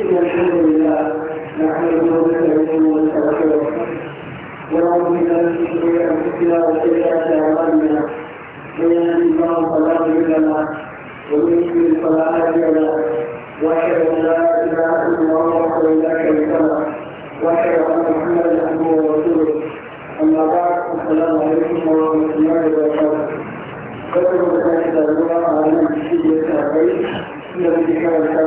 إن الحمد لله نحمده ونستعينه ونستغفره ونعوذ بالله من شرور أنفسنا وسيئات أعمالنا من يهده الله فلا مضل له ومن يضلل فلا هادي له وأشهد أن لا إله إلا الله وحده لا شريك له وأشهد أن محمدا عبده ورسوله أما بعد السلام عليكم ورحمة الله وبركاته قدر الله تعالى على نفسه التعبير الذي كان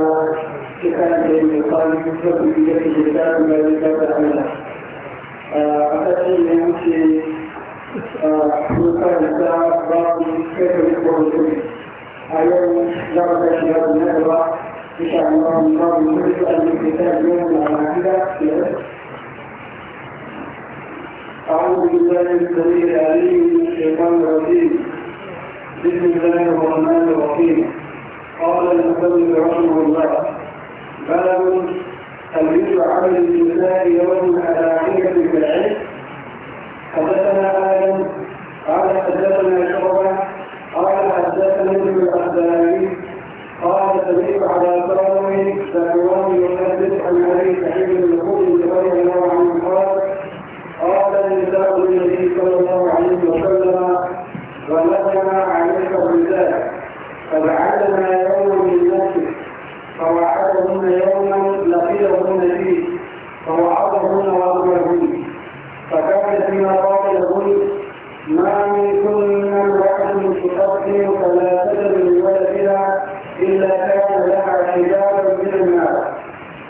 كتاب يقال يكتب بيده كتاب ما ذكر عمله أفتي يمشي وكان بعض كيف يقول الكل اليوم درجة شباب الندوة إن شاء الله نقام نريد أن الكتاب يوم العقيدة أعوذ بالله السميع العليم من الشيطان الرجيم بسم الله الرحمن الرحيم قال المسلم رحمه الله باب تمريض عمل النساء يوم على عقيدة العلم حدثنا آدم قال حدثنا شعبة قال حدثنا ابن الأخباري قال سمعت على قوم سمعوه يحدث عن أبي سعيد بن الخدري رضي الله عنه قال قال النساء النبي صلى الله عليه وسلم ولدنا عليك الرجال فبعثنا يوم فوعدهن يوما لقيهن فيه فوعظهن واخبرهن فكانت فيما قال ما منكن امرأة تقدم فلا تجد لولدها إلا كان لها حجابا من النار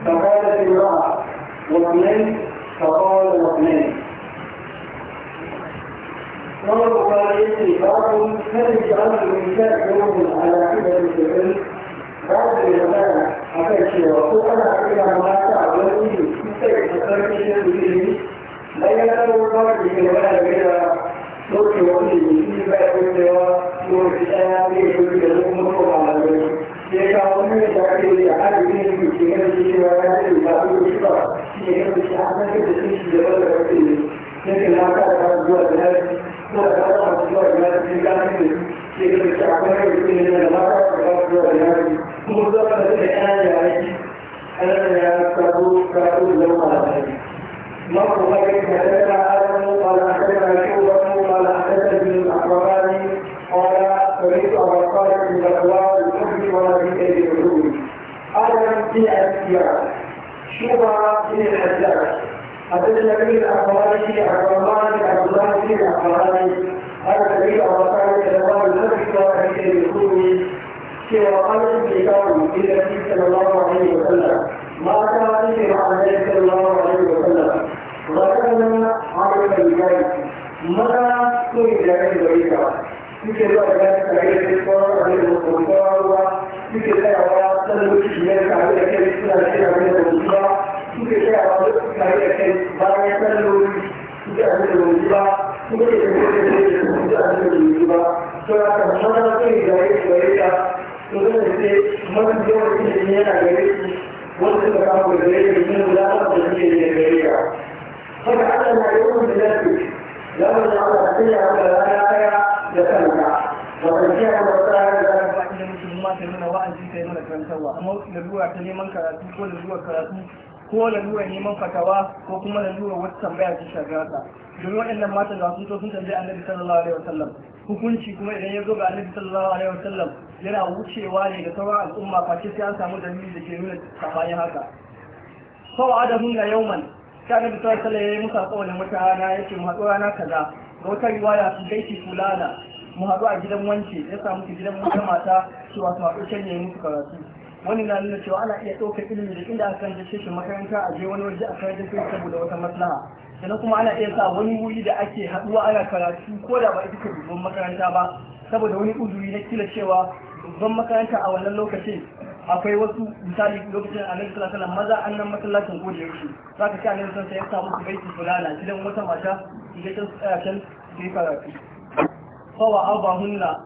فقالت امرأة واثنين فقال واثنين قال البخاري باب هل يجعل الانسان يوما على حجه الفعل 大家知道的，他这个图案非常复杂，有五、七、八、九、十这些数字。大家都知道，这个图案里面都是我们以前在中学、中学、大学时候学的工作方法。这个，你看我们以前学的汉字，这些字，前面这些字，大家都知道，写这些汉字的顺序，就按照这个顺序，先给他看，他不要给他。الكافرين في الاستعمال في المرأة والرجل والناس مطلقة الآن يعني أنا أستغرب كافر لهم على ذلك مرة مرة حدثنا آدم قال حدثنا شعبة قال حدثني الأحرمان قال سمعت أبا صالح بن بكوان الكفر ولا في أيدي الرجل آدم في الأسيار شعبة في الحجاج حدثنا به الأحرمان عبد الله بن عبد الله بن الأحرمان هذا الذي أعطانا كلام الملك وأهل الكون وقال الكتاب إلى صلى الله عليه وسلم ما كان في صلى الله عليه وسلم غيرنا عمل الجاهل مدى كل جاهل بريكا ذكر الله تعالى الكفار عن الكفار وذكر الله تعالى المشركين عن الكفار عن الكفار ذكر الله تعالى الكفار عن الكفار ذكر الله تعالى الكفار عن الكفار kuma da yake da da an yi ba to ya kan sanar da yi da yake da yake to da yake mun da yake ne yana gare shi wanda suka kawo da yake da mun da Allah da yake da gare ya haka Allah na yi mun da yake da mun da Allah sai ya ga ya ya da kanka wa kan kiyaye wata da ba inda mutum ma ta nuna wa'azi kai nuna karantarwa amma da zuwa ta neman karatu ko da zuwa karatu ko lalura neman fatawa ko kuma lalura wata tambaya ta shagata domin waɗannan matan da sun to sun tambayi annabi sallallahu alaihi wasallam hukunci kuma idan ya zo ga annabi sallallahu alaihi wasallam yana wucewa ne ga sauran al'umma face sai an samu dalili da ke nuna tafayin haka sau adamun ga man sai annabi sallallahu alaihi wasallam ya yi musa tsawon wata rana ya ce mu haɗu rana kaza ga wata riwaya su gaiti fulana mu haɗu a gidan wanke ya samu gidan wata mata cewa su haɗu can ya yi musu karatu wani na nuna cewa ana iya ɗaukar ilimi da inda aka karanta shi makaranta a je wani waje a karanta kai saboda wata maslaha sannan kuma ana iya sa wani wuri da ake haɗuwa ana karatu ko da ba ita dubban makaranta ba saboda wani uzuri na kila cewa dubban makaranta a wannan lokacin akwai wasu misali lokacin a sallallahu alaihi maza nan masallacin gode yake ka ci a sallallahu alaihi wasallam ya samu su fulana gidan wata mata da ta tsaya can eh, sai karatu fawa fara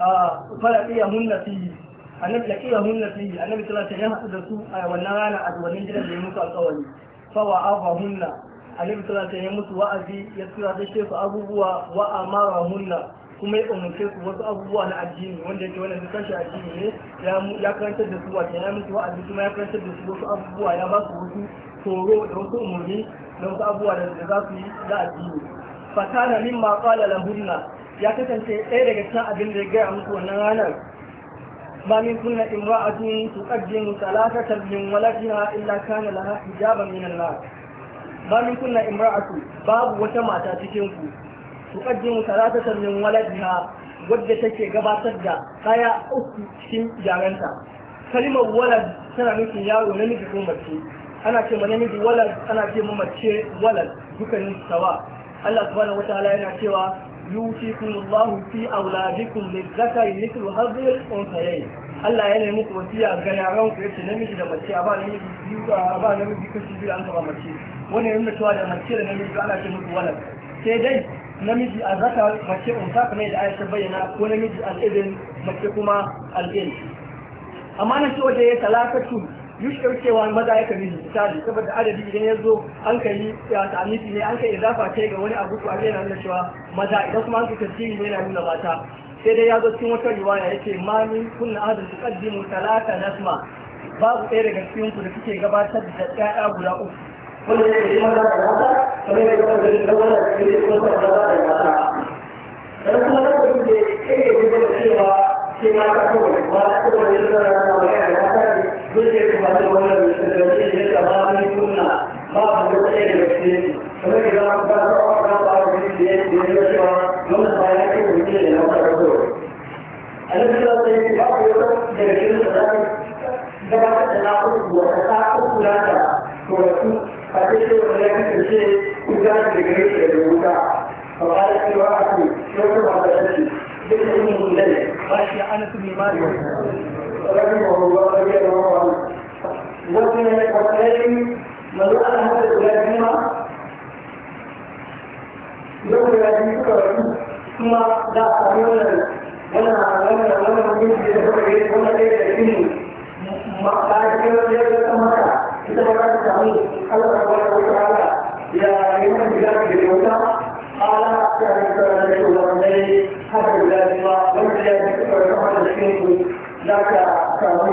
ah, falaqiya hunna fiye annabi laqiya hunna sayyi annabi sallallahu alaihi haɗu da su a wannan rana a wannan gidan da ya musu alƙawari Fawa wa afa hunna annabi sallallahu alaihi wasallam musu wa'azi ya tsira da shi abubuwa wa amara hunna kuma ya umarce su wasu abubuwa na addini wanda yake wannan duk kashi addini ne ya karantar da su wa ya musu wa'azi kuma ya karantar da su wasu abubuwa ya ba su wasu tsoro da wasu umarni da wasu abubuwa da za su yi na addini fatana mimma qala lahunna ya kasance ɗaya daga cikin abin da ya gaya musu wannan ranar ما منكن امرأة تقدم ثلاثة من ولدها إلا كان لها حجابا من النار ما منكن امرأة باب وتما تاتيكنكو تقدم ثلاثة من ولدها wadda take gabatar da kaya uku cikin jaranta kalimar walad tana nufin yaro namiji ko mace ana ce ma namiji walad ana ce ma mace walad dukkanin sawa Allah subhanahu wataala yana cewa يوشكم الله في أولادكم للذكر مثل هذه الأنثيين Allah ya nemi ku wasiya ga yaran ku yace namiji da mace a ba namiji biyu a ba namiji kashi biyu an taba mace wannan yana cewa da mace da namiji ana ce musu walad sai dai namiji a zaka mace un unta kamar da Aisha bayyana ko namiji al-ibn mace kuma al-in amma nan cewa da ya talakatu yushkar cewa maza ya kami misali saboda adadi idan ya zo an ka yi ta'amisi ne an ka izafa ce ga wani abu to an yana nuna cewa maza idan kuma an ka tasiri ne yana nuna mata sai dai ya zo cikin wata riwaya yake ma min kunna ahadun tuqaddimu talata nasma babu ɗaya daga cikin ku da suke gabatar da ɗaya guda uku wanda ya yi maza da mata kamar yadda kuma da wanda ya yi kuma da maza da mata dan kuma da kuma da ya yi da cewa sai mata kawai ba ta kuma da yana da mata da duk da kuma da wannan misalci da ya kama ni kunna ba ku da tsaye da gaske kamar da zama ba ta wa ka ba ku da ya ce da cewa wannan ba ya kai mutum da na fara ko Allah ya sai ya ba ku da gaske da zaka gaba da na ku wa ka ta ku da ta to ku a cikin wannan kace ku ga da gaske da wuta فقالت لي واحد شو ما بدك تحكي؟ قلت له اني من غيرك. ماشي انس بن مالك. رحمه الله رضي الله عنه وزن الحسين من أنهى الأولادين يوم الأولادين ثم دعا أميونا ولا ولا ولا من يجب ولا يجب ما قال كلام يجب ما إذا بدأت تعمل الله سبحانه وتعالى يا أيها البلاد اليوم قال أحسن الله هذا البلاد ما ولا يجب ما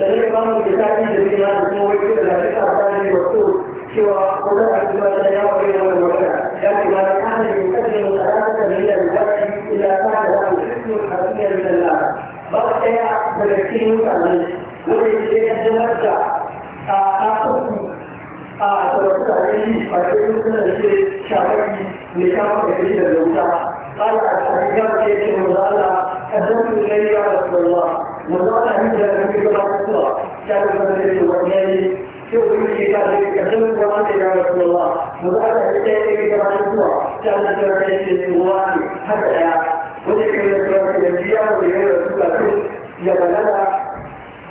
لذلك قام بكتابه جميعا اسمه ويكتب ذلك أعطاني مكتوب سوى قدرة عندما تناول بين لكن ما كان يقدم ثلاثة من الوقت إلا كان له حكم حقيقي من الله بقى بلكين كمان ويجب أن نرجع أحكم أتوقع عليه فكيف نجد شعبي لكام كثير الوقت قال الحقيقة كيف نزال أدرك إليه يا رسول الله وزمان عند النبي صلى الله عليه وسلم كان المدرسة والنادي شوف يمشي كان يكتب القرآن يا رسول الله وزمان عند النبي صلى الله عليه وسلم كان الدرجة الوالي حتى وذكر الدرجة الجياع وغير رسول الله يبلغ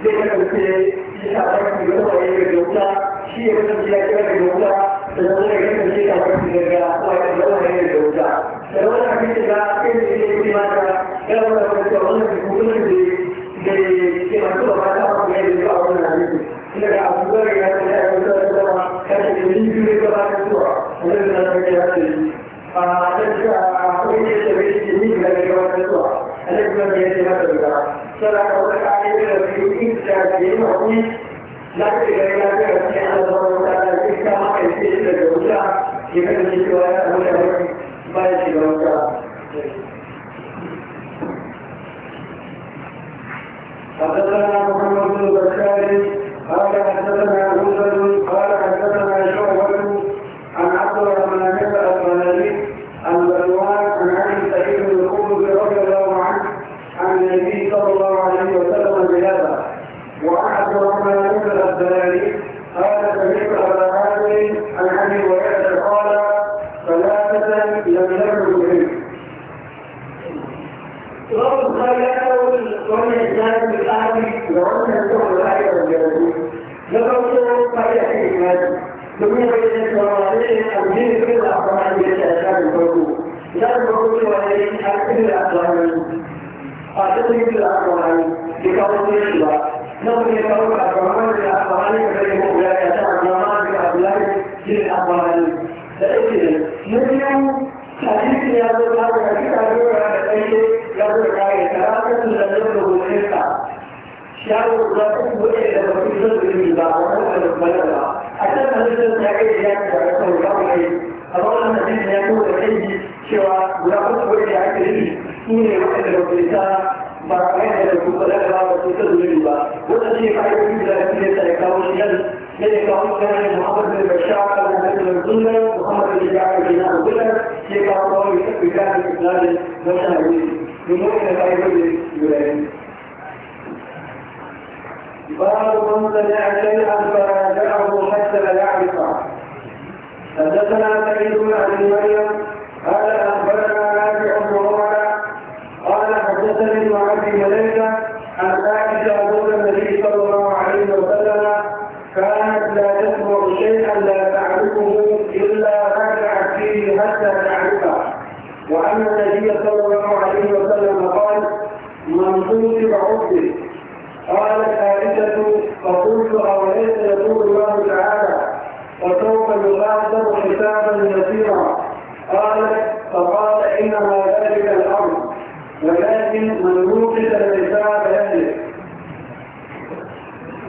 ذكر الكتاب يشارك في يوم غير الجملة شيء من الجياع غير الجملة فلولا غير الجياع غير الجملة وغير الجملة فلولا في الجملة كل شيء في ماذا؟ قالوا له أنت والله في كل شيء 这今晚吃了饭，下午我也就到我们那里去。那个徐哥给俺们两个说说嘛，他说你明天跟他们做，我就跟他联系了。啊，那个啊，我今天准备明天跟他们做，俺们这边联系他得了。现在我这阿姨这个皮肤现在比较黑，那这个呢这个天热的话，再加上夏天天气热，你看你说我这个麦子都干。حدثنا محمد بن بكار قال حدثنا شعبة عن عبد الرحمن بن الرماني عن عن ابي سعيد بن رضي الله عنه عن النبي صلى الله عليه وسلم بهذا وعن عبد بن الابدالي قال domin ya bayyana cewa wane ne addini kan da aka ma ya ce a shafin farko shafin farko cewa ne ya yi a kan da aka ma a cikin da aka ma ya kawo ne shi ba ba wannan shi ne ka'idodi da ake da ya kawo shi nan ne da kawo shi nan Muhammad bin Bashar Muhammad bin Abdullah Muhammad bin Ja'far bin Abdullah shi ya kawo kawo ya kafa da Islam da wannan ne domin da ka'idodi da ya باب من سمع شيئا فراجعه حتى يعرفه حدثنا سعيد بن ابي مريم قال اخبرنا نافع بن عمر قال حدثني مع ابي مليكه عن عائشة أن النبي صلى الله عليه وسلم كانت لا تسمع شيئا لا تعرفه إلا رجعت فيه حتى تعرفه وأن النبي صلى الله عليه وسلم قال من قوت عبده قالت عائشة فقلت أوليس يقول الله تعالى وسوف يحاسب حسابا يسيرا قالت فقال إنما ذلك الأمر ولكن من يوجد النساء بهذه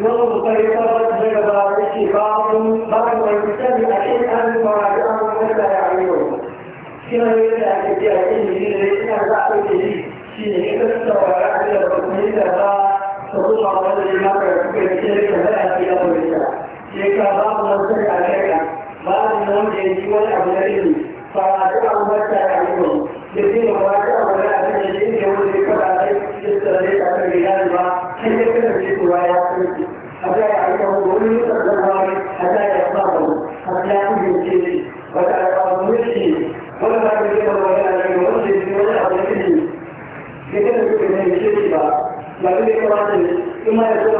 نظر سيطرة جبارك بعض بعض ويتبع شيئا مراجعه ولا يعمله كما يدعى كثيرا إنه ليس بعد به شيء يكتب ويعمل الرسمين لها تطلع على الإمام يكون كذلك لا في أمر الله لك بعض من شيئا بعض من يجي ولا يعمل فراجعه ولا يعمله لكن مراجعه ولا يعمل ليس أكثر بلاد ما حيث يكتب في الروايات حتى يعرفه كل يتقدم حتى يصنعه حتى يكون يمشي وتعرفه يمشي ولا يمكن ولا يمكن ولا يمكن ولا يمكن لكن يمكن يمشي لكن يمكن ثم يكون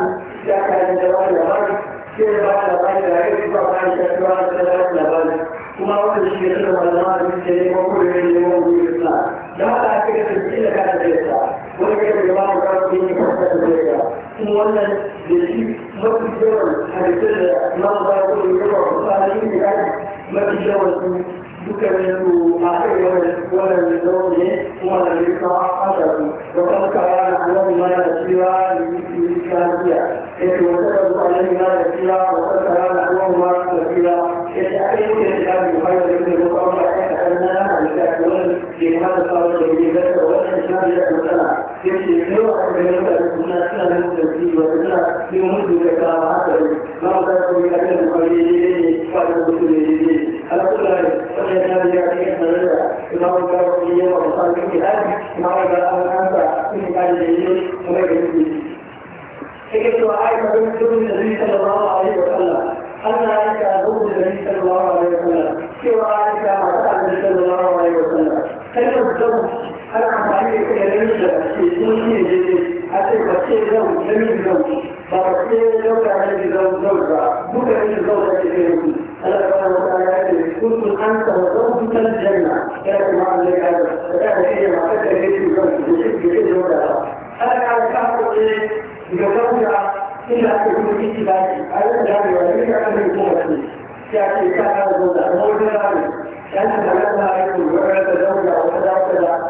القرآن كان جواب لبن كيف بعد بعد عيد طبعا شكرا سلام لبن وما وصل الشيخ والله بالسليم وكل من يوم بالإسلام لماذا فكرة الدين كانت بيتها ولكن الإمام كان فيه فرصة بيتها ثم ولد لشيء مكي جول هذه كل ما ظهر كل يوم وصالحين بذلك مكي جول يكمل آخر ولا النوم ولا الإقرار أبدا وقد كان عليه ما يسير لمثل الكافية إذ وجدت عليه ما يسير وقد كان عليه ما يسير إذ أكيد الإسلام خير من المقام أننا نتأكلون في هذا الصلاة الجديدة والإسلام يأكلنا يمشي في وقت من الناس لا يمكن وتنا يمد كلام هذا ما تقول أكل قليل فقد تقول على كل فقه النبي عليه الصلاه والسلام امام الكرميه ومصاب الاجتهاد امام البلاغه الخمسه من قال الجليل وغير الجليل فكرت وعائشه بن سلم النبي صلى الله عليه وسلم ان عائشه زوج النبي صلى الله عليه وسلم سوى عائشه مع النبي صلى الله عليه وسلم كلمه الزوج ana amfani da kalamin da ke sun shi ne a ce ba ce zau namin zau ba ba ce zau da namin zau zau ba duka namin zau da ke gani ku Allah ta wata ta'ala ya ce kuntum an ta zau dukan janna ya ce ma Allah ya ce da ta ce ma ta ce ne ku zau da shi ke ke zau da ba Allah ta ta ko ce ga zau da illa ku ku ki ba ki a yau da ne wani ka kan ku ba ki ya ce ka ka zau da zau da ne kan da Allah ya ku ga da zau da wata da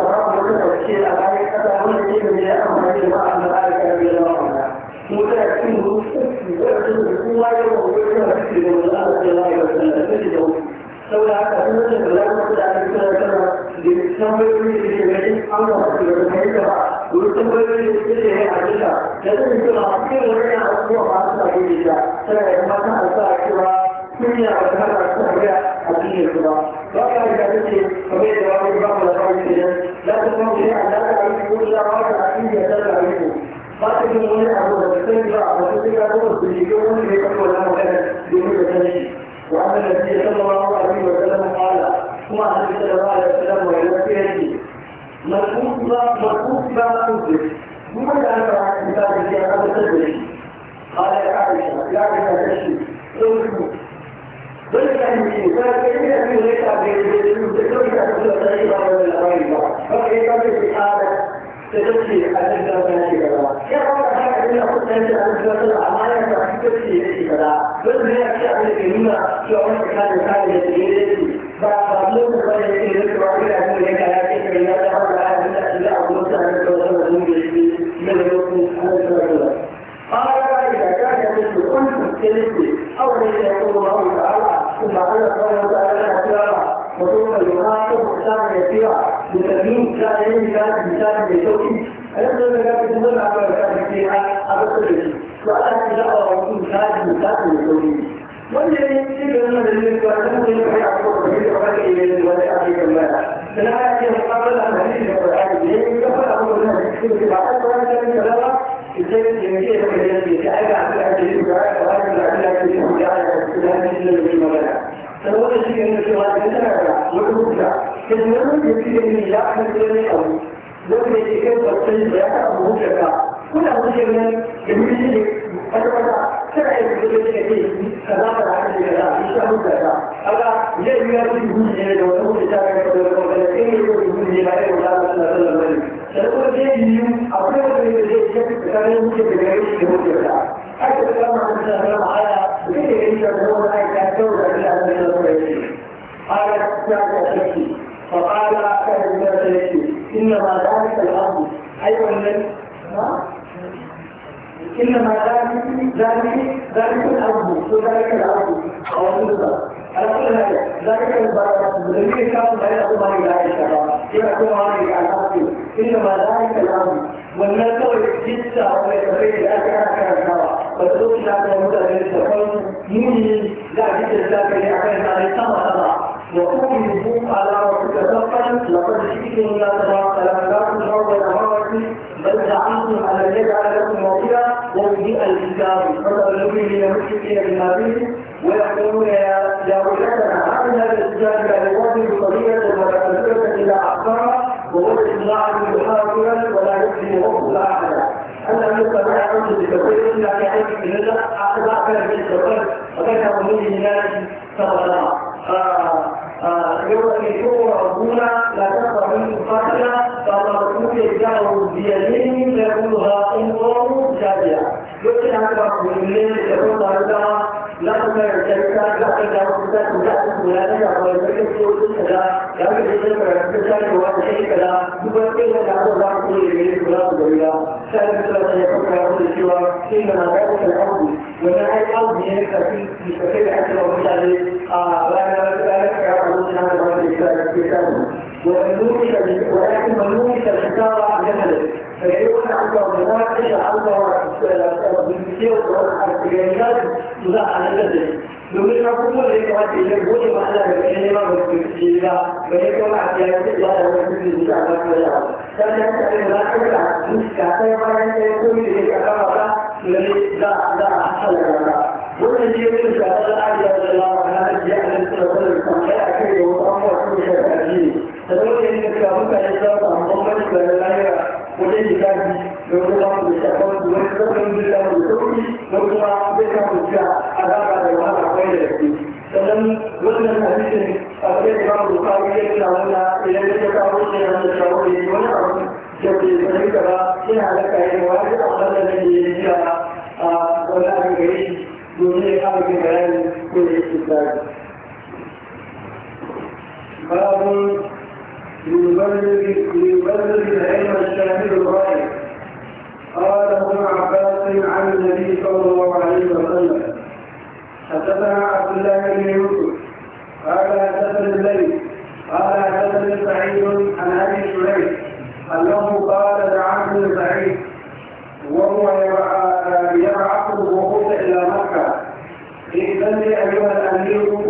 Thank you. a a a a من يعتمد على الشهرية الدين الكبار رجع إلى ذكر فبيع جواب البعض لقوم كده لا تكون شيئا لا تعرفه إلا راجع عقيد لا تعرفه قاتل من غير عبود السيد بعض وتلك عبود بالجيوم في كل ولا مكان بمدة ثانية وعن النبي صلى الله عليه وسلم قال ثم عن النبي صلى الله عليه وسلم وإلى سيرته من أصب من أصب أصبت ممن أن ترى كتاب الله قد تدري قال يا عائشة يا عائشة تشري بل كان الإنسان كيف يكون ليس بكل تكون طريقة من الطريقة فكيف في حالة تتبكي الأجزاء التي كذا كيف أن إلى قلت أنت الأجزاء الأعمال تتبكي التي كذا بل هي أشياء التي هنا في عمر كان كان يتبكي فأبلغ قد يتبكي وعلى أن هيك لكن إذا دخل على أن أجزاء قلت أن تتبكي التي من يكون الأجزاء قال إذا كان يتبكي قلت تتبكي أو ليس سبحانه وتعالى كثيرا وثم يخاطب حسانا يسيرا لتبيين كان يمشي كان انسانا بشوكي الم يكن لك تنظر على بركات فيها ابصر وأنا جاء رسول كان انسانا بشوكي والذي يجب ان يكون هناك من يعبر به وبدا اليه ولا يعطيك المال فلا ياتي مقابل الحديث والقران اليه يقول ابو النبي في بعض القران من كلامه الزمن يمشي في الجنه كأجعل في الحديث وعلى وعلى وعلى في الحديث وعلى في الحديث سواء شيء من سواء كذا ولا كذا يمكن أن يلاحظ ذلك أو لو يتكلم بالطريقة ذاك أو كذا كل هذا شيء من يمكن أن هذا كذا يمكن أن يكون كذا كذا كذا يشتغل كذا هذا لا يمكن أن يكون كذا ولا كذا ولا كذا يكون كذا ولا كذا ولا كذا سواء شيء من أقرب من ذلك كذا يمكن أن يكون كذا حتى لما نتكلم على كل يجدون أن يكون إلى من الرئيس قال ذلك شيء فقال أكثر من الرئيس إنما ذلك الأرض أيوة من إنما ذلك ذلك ذلك الأرض وذلك الأرض أو الأرض على كل هذا ذلك البركة الذي كان بين الله إلى الشرع يكون هذه الأرض إنما ذلك الأرض والنسوي جدا ويتبين الأكثر الشرع فتقول لا على ربك صفا لقد جئتم لا ترى فلا تراكم شر الامارات بل زعمتم ان يجعل لكم موضعا ومضيء الكتاب فتقلبوا للمشركين بما فيه ويقولون يا ويلتنا هذا الكتاب لا يقدم طريقه ولا طريقه الى اخبارها ووجد ولا يكفي ربك احدا أنا من قبل أن تتكلم إلا كأنك من هذا أخذ كان من الزوال الناس آه، آه، صلى يوم يشوف ربنا لا تقرأ منه قتلا فالرسول يدعو بيمين يقولها انظروا جارية يمكن أن تقول من تكون لقد كانت أن يكون لا لا يعلمون هذا الأمر في ولكن من نومك الحساب عن جهله فيكون عنده مناقشة عنده بالكثير والحركيات تدع على الجدل لمن نقوم بالإقوات اللي يقول معنا بالكلمة والتمثيلة ويكون احتياجات الله والحمد لله والسلام كان يحتاج مناقشة مسكة كما يكون بالإقامة الذي دع دع حصل لنا ومن يمكن أن يتعلم الله وهذا الجهل الذي يقول لك يا أخي وأمر كل شيء أجيب تقول إنك ممكن أن تكون مضمون وليس كان لو كان بالشعب لو كان بالشعب الكوفي لو كان بالشعب الشعب عذاب على وهذا غير يكفي فلم ولم أحسن أبدا الإمام البخاري يكفي عنا إلى ذلك أوصي عن الشعوري ونعم جبري فليس إن على كائن واحد أحسن الذي يجري ولا أبغي دون إقامة بيان كل استدلال. باب ليبلغ ليبلغ العلم الشامل الغاية قال ابن عباس عن النبي صلى الله عليه وسلم حدثنا عبد الله بن يوسف قال حدثني الليل قال حدثني سعيد عن ابي شريح انه قال دعاني سعيد وهو يبعث الوقوف الى مكه ائذن لي ايها الامير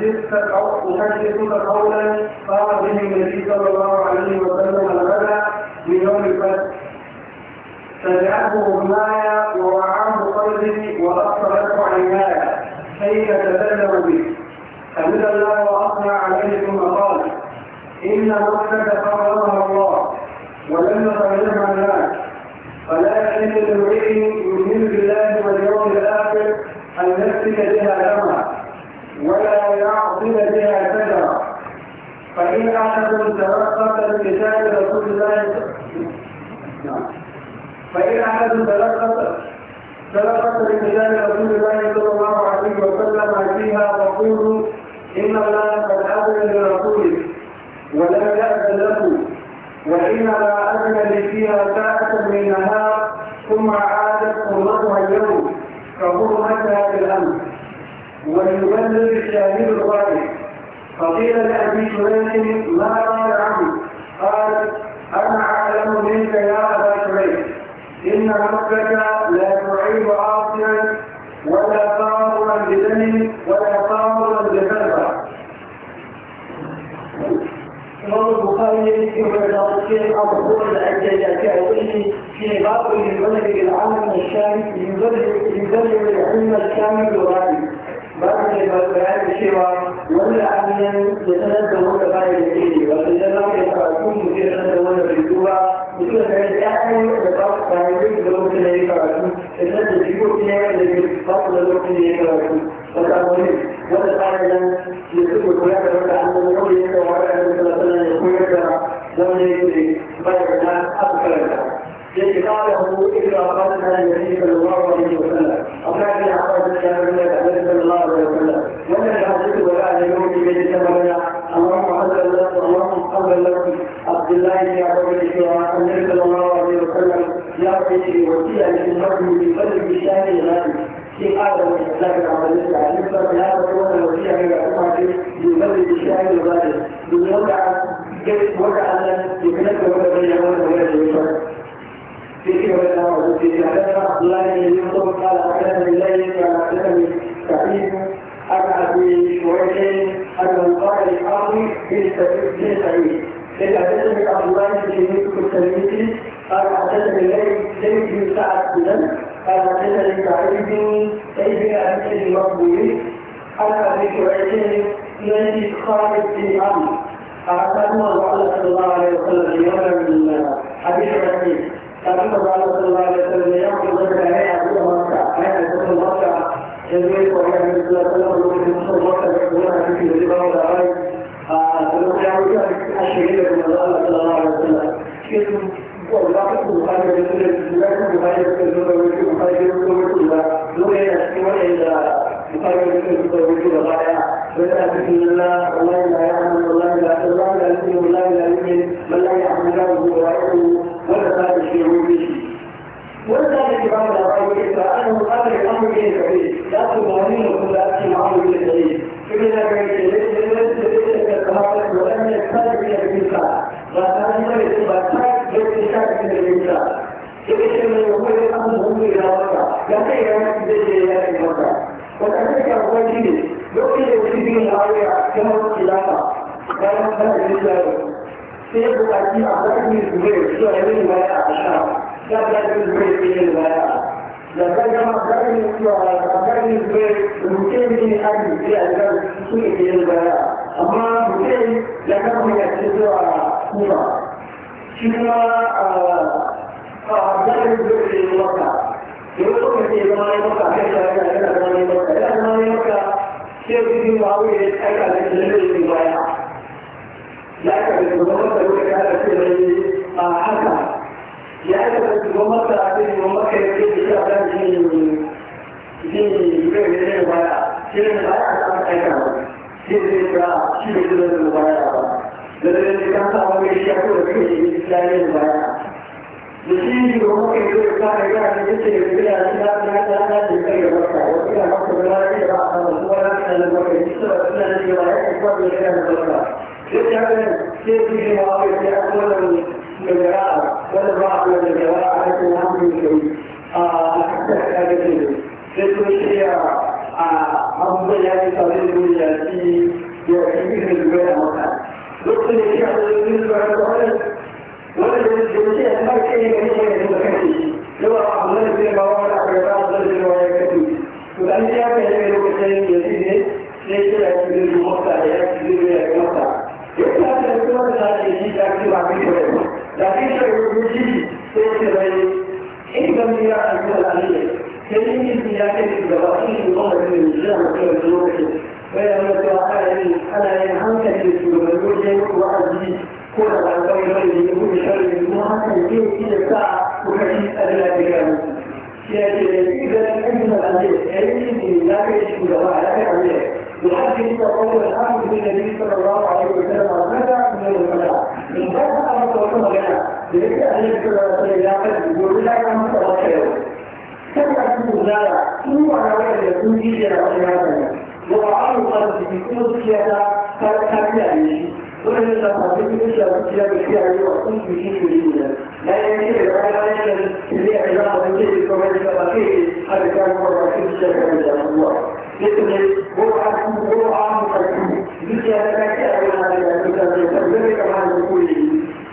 جئت أحدثك قولا قال به النبي صلى الله عليه وسلم الغدا من يوم الفتح سمعته أمناي ووعاه قلبي وأصلته عيناي كي يتكلم به حمد الله وأثنى عليه ثم قال إن نفسك حرمها الله ولم يطلبها الناس فلا يحل لامرئ يؤمن بالله واليوم الآخر أن يسلك بها دمها ولا يعطل بها شجرة فإن أحد تلقى بكتاب رسول الله نعم. فإن أحد تلقى تلقى بكتاب رسول الله صلى الله عليه وسلم فيها تقول إن الله قد أذن لرسوله ولم يأذن له وإنما أذن لي فيها ساعة من نهار ثم عادت قرتها اليوم كقرمتها بالأمس ويبلغ الشاهد الغالب فقيل لأبي شريك ما قال عنه قال أنا أعلم منك يا أبا شريك إن مكة لا تعيب عاصيا ولا طاهرا بدم ولا طاهرا بكذا الإمام البخاري يذكر التفصيل عن ظهور الأجل كأوله في باب يبلغ العلم الشامل يبلغ العلم الشامل الغالي ba su ne ba su da cewa wanda aminan ya sanar da wanda ba ya da ne ba su zama ya karatu mutum ya sanar da wanda bai ba mutum da ya ya kai da ba su bayan da lokacin da ya karatu da sanar da shi ko ne ya da ba su da lokacin da ya karatu ba ta wani wanda tsarin nan ya su ko koya da wanda an zama kawai ya kawo da ya da ya da wanda ya ke ba ya da na abu karanta لاتقاله إلا وقد كان النبي صلى الله عليه وسلم وكان يعرف الكلام النبي صلى الله عليه وسلم ولا يحدث ولا يوم الذي تمنى اللهم صل الله اللهم صل لكم عبد الله بن عمر بن النبي صلى الله عليه وسلم يعطي وسيله للمرء بفضل بشان الغالب في هذا الاسلام العمليه علمت بهذا هو الوسيله الى بفضل بشان الغالب بالوضع كيف وضع ان يكلفه ولا بين ولا بين ذكر الله وذكر حدثنا عبد الله بن قال حدثنا الليل قال حدثني سعيد عن ابي شريح انه قال لحاطم بن سعيد إذ حدثني عبد الله قال حدثني الليل زيد بن قال حدثني سعيد سعيد بن ابي المقبولي عن ابي شريح نجد خالد بن عمرو أعطاه الله صلى الله عليه وسلم يوما من حديث فأما قال صلى الله عليه وسلم يأخذ ذكر عليه عبد مكة أنا أدخل مكة يزيد وهي من صلى الله عليه وسلم يدخل مكة يقولها في الربا والغاية فنقول يعود الشهيد من الله صلى الله عليه وسلم وذلك البخاري يقول لك البخاري يقول لك البخاري يقول لك لو هي أشكال إلى البخاري يقول لك البخاري ولا بسم الله والله لا يعلم والله لا الله لا يؤمن والله لا يؤمن من لا يعلم الله ويعلم ولا هذا الشيء هو بشيء وذلك بعد الرأي فأنه قبل الأمر به الكبير لا تضامين كل أكل الأمر به الكبير فإذا كان الكبير ليس كالتهاوت ولم يستجب إلى الإنسان وهذا يتبع شك بالتشاك من الإنسان كيف من يقول الأمر هم إلى وضع لا تيرك بالجيلات الوضع وكذلك هو جديد يؤكد في دين الآية كما الخلافة كما الخلافة sai ya buƙaci a zaɓi zubai zuwa yamin baya a sham ya zaɓi zubai yamin baya da zama zaɓi zuwa zaɓi zubai mutum ne a zubai a zan su ne yamin baya amma mutum ya kama ya ce zuwa kuma shi kuma a zaɓi zubai yamin maka yau lokaci ya zama yamin maka kai da yana yana zama yamin maka yana zama yamin maka sai ya fi yin wawo ya aika da shi yamin baya لأنك بالمضمرة يقول هذا في غير حسن لأنك بالمضمرة تعطيني ممكن يجب الشيء أبدا في في غير المبايع في المبايع أنا أيضا في الإبراء في غير المبايع لذلك كان صعب يشكر في إسلام المبايع يسير ممكن يقول كان يعني يسير في الأسباب لأن هذا الشيء يبقى وإلى مصر لا يبقى ولا يبقى ولا يبقى ولا يبقى يتعلم كيف يجي مواقف يأكل مجراء ولا بعض من الجراء لكن هم من شيء حتى هذا الشيء لكن الشيء أفضل يعني طريق التي يعيش البيع مكان لكن الشيء الذي يقول ولا الجنسية ما كان يمكن أن يكون لو أعمل في مواقع الأقرباء ضد الرواية كثير وأنت يا كثير وكثير يزيد ليس يكون المقطع لكن شيء يجي سيد غيري إن لم يرى أن العليل كريم الزيادة الجوائز وضع من الجنة وكل الجنوب ويا متوقعني أنا ينهمك للجنوب وعزيز كل العلقاء غيري يقول شر المهم أن يجي إلى الساعة وكشف أدلى بكامل إذا أنت عليه أيدي لا يشكو لها لك عليه وحتى إذا قول الحمد للنبي صلى الله عليه وسلم على ماذا من الخلاء in ka faɗa masa wata magana da yake a nan kira da sai ya faɗi gobe na ya masa wata yau sai ka ci tunzara sun wani wani da sun ji da wani ya sani wa ba'alu arziki kuma zuciya ta ta kariya ne shi wannan yana faɗi kuma shi a zuciya da shi a yi wa kun su shi ne ne na yi yanki da wani wani da ne a yi zama da ke da kuma da ba ke a da kan kuma ba ke da shi a kan da abubuwa. Yadda ne, ko a kuma ko a kuma يجي أتكي أبو هذا المتنزل كمان كله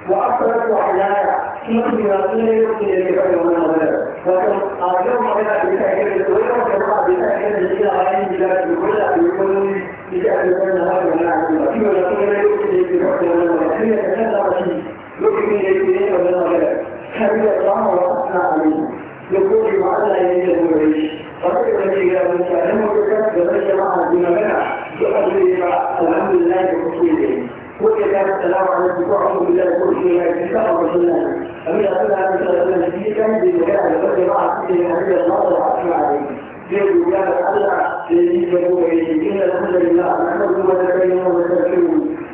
وأفرد وحياة نحن يقين يمكن أن يكون هذا وكم أجمع بها بتأكيد ويوم جمع بتأكيد إلى عين بلاد كل يكون بتأكيد هذا المعنى وكم يقين يمكن أن يكون هذا وكم يتكلم فيه يمكن أن يكون هذا كبير الله وأثنى عليه يقول وعلى يد الجريش فكيف الشيء المسلم وكتب الجماعة بما منع يقدر الحمد لله بحصوله وكتاب السلام عليكم ورحمة الله وبركاته يجب أن الله أمير أقول أن سلام الذي كان بالولاء والجماعة في النبي الله العظيم عليه في الولاء على الذي يقول إن الحمد لله نحمده ونستعينه ونستغفره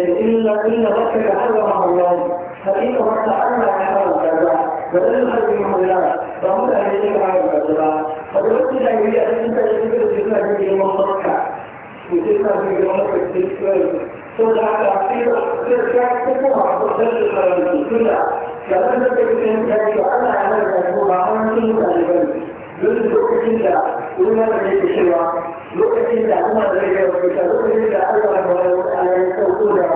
إلا إلا ربك حرم الله فإن ربك حرم حرم كذا ولم يحرم الله فهو لا يجب على الكذا فبالوقت الجاهلية أنت تجد الفتنة في مصرك وتلك في يومك التلك تدعى تعقيد ترجع تقوى وتدخل الكلى فلم تكن ذلك على عمل مجموعة من ذلك duk lokacin da umar da yake cewa lokacin da umar da yake wakilta lokacin da allah da wani wata ya sauko da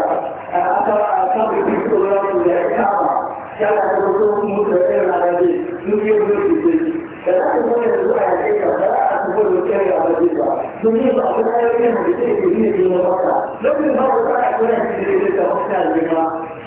aka kama biyu tsoron da ya kama ya na da wasu mutu da tsayin ranar ne duk yin mulki ce da za su zama da zuwa ya kai ka ba a kuma da wuce ya ba ce ba domin ba a kuma ya kai da ke yi ne ke yi na mata lokacin ba ku tsara kuna cikin da ke da mutane ba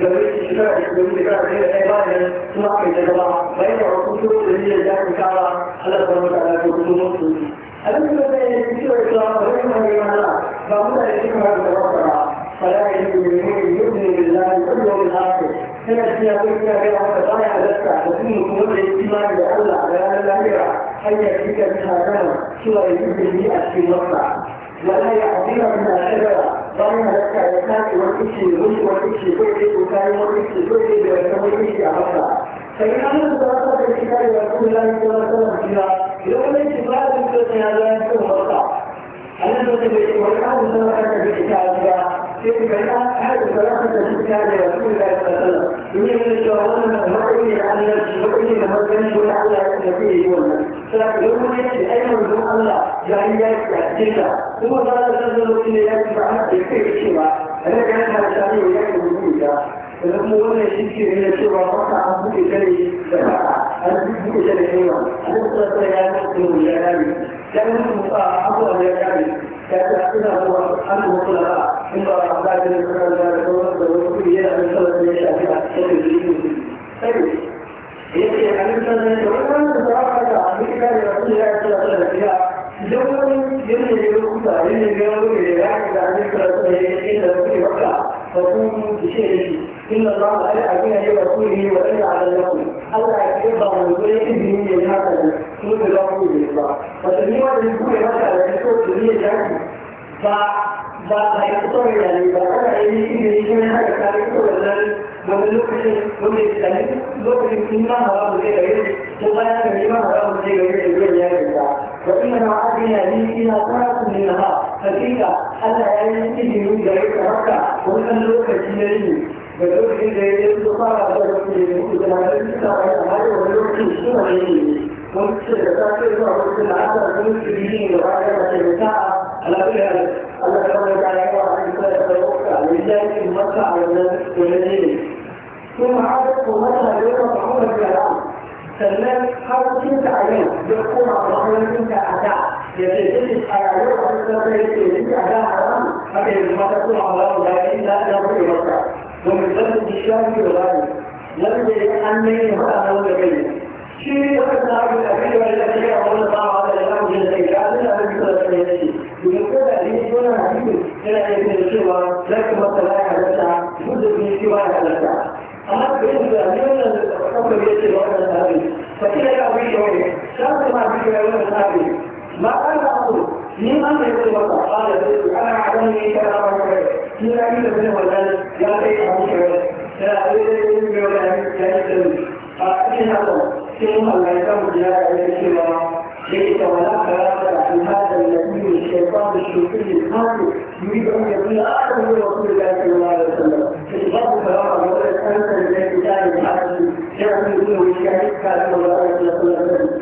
جمعية الشباب الإسلامية كانت هي أيضا تنعقد جماعة بين عقود الدولية ذات الشعر الله سبحانه وتعالى في كل مصر. ألم تكن كثير الإسلام غير مهيمنا فهنا يتم هذا الوقت فلا يجب لمؤمن يؤمن بالله واليوم الآخر كما فيها قلنا بها فضايع لك وكن قوة الاجتماع لألا على الأميرة أن يكفيك بها كما سوى يجب به في الوقت ولا يعطيك من الحجر ضمن لك يكاك وتكشي وش وتكشي كل وكاي وتكشي كل بيرسم وتكشي عبدا فإنه دراسة الكتاب رسول الله صلى الله عليه وسلم فيها يقول الاتفاق بالكتاب لا يكون غلطا أنا نتبع والحمد لله كتاب الكتاب كان أحد الثلاثة التي كان رسول الله صلى الله عليه وسلم إني من الشهوان المرئي عن المرئي المرئي ولعل النبي يولى فلكن لو كنت أين من الله جاهية جدا ثم قال الرسول إني يكفي عنك في الشبع أنا كان هذا يكفي بوجودك فلما ولا يشكي إلى الشبع وقع عن بوك شيء فقع عن بوك شيء أنا أصلا يا نفسه يا نبي كان المصاحب أفضل يا نبي كان أحسنه أنه خلقه إلا أحداث الإسلام لا يكون ويكون يجعل السبب ليش أبيع الشكل الجديد طيب يجي عن السنة يقولون بصراحة عميك كان يقول لا يصل إلى الأشياء لون يمشي بالكوتا يمشي بالكوتا يعمل عميك إلا في وقع فقوم بشيء إن الله لا يعطينا لرسوله وإلا على النقل ألا يكبر من كل إذن يجهزنا نقول له الله فتنيوة لكل مثلا يكون في جهزنا ba a yi kusurin yanayi ba kada yi ne shi ne haka kare ko wannan wani lokacin wani tsari lokacin sun ma hawa mu zai gare ko bayan da ma hawa mu zai gare da zai yare ta wa inna ma adina ni ina tsarafin min ha hakika Allah ya yi izini gare ka haka wannan lokaci na yi da lokacin da ya yi su fara da lokacin da ya yi su da lokacin da ya yi su da lokacin da ya yi ممكن تتكلم ممكن عدد المسلمين وعدد النساء على كل هذا الله سبحانه وتعالى يقول عن كل فيوقع لله المتع والمدين ثم عدد ومتع يوقع عمر في العام سلمان حاول تنسى عليه يقوم على الله تنسى أداء يتجلس على يوقع تنسى أداء حرام حتى ما تكون على الله إلا يوم الوقع ومن ذلك الشام في الغالب لم يجد أن يهدى له شيء يتبنى من الأبيض الذي يقول الله على الإمام الذي يعلن أن يكون يأتي ويقول أن يكون حديث إلى أن يكون لكن مثلا يحدثها جزء من سوى يحدثها أما بالنسبة لمن الحكم يأتي وأنا الثابت فكلا يأوي شوية شرط ما بك وأنا الثابت ما أنا أقول لمن يقول الله قال أنا أعلمني كما أقول لمن يقول الله لا تيجي أبو شوية لا أريد أن يكون فإنه ثم الله يقول يا أيها ليس ولا خلاف في هذا الذي الشيطان الشركي الخاطئ يريد أن يكون آخر من رسول الله صلى الله عليه وسلم فالباب كلام الرجل أنت الذي كان يحاسب كان يقول وشكاك كان الله عليه وسلم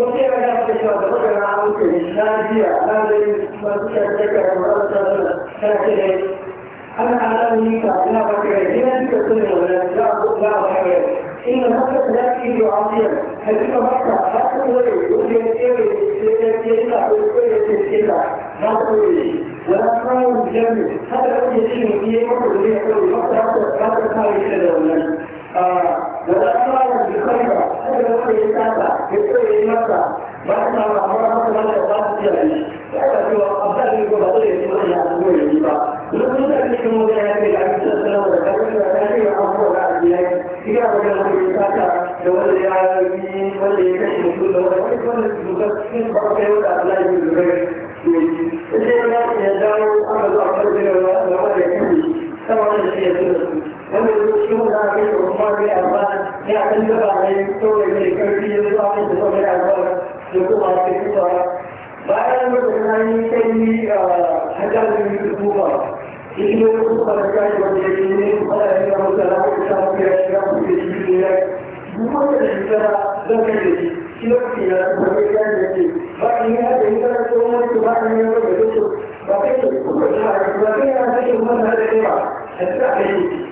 وكيف كان الشيطان الرجل معه في الشارع هذا ما تشكك عن الله صلى الله عليه وسلم أنا أعلم لك أنها فكرة لن تكون ولا تجعب لا وحيد إن مكة لا تجد عظيم هذه مكة حتى قولي وجد إيري سيدة وإيري سيدة ما قولي ولا تقوم بجنب هذا قد يجيني في مكة لي قولي مكة حتى تقوي سيدة ولا ولا تقوم بخيرة هذا قد يتابع يقولي مكة ما أسمع مرة مكة ما تقوم بجنب هذا هو أفضل يقول أقولي سيدة ولا تقوي سيدة Bayan da kuma yi kai ni a hajjar da yi إنه قد كان واليمين ولا يرى سلام الشرف يشرب في الدنيا بمن الانسان ذكر يكفي ويكفي فإن هذا إذا كنت تبعني ويكفي وكيف وكيف وكيف وكيف وكيف وكيف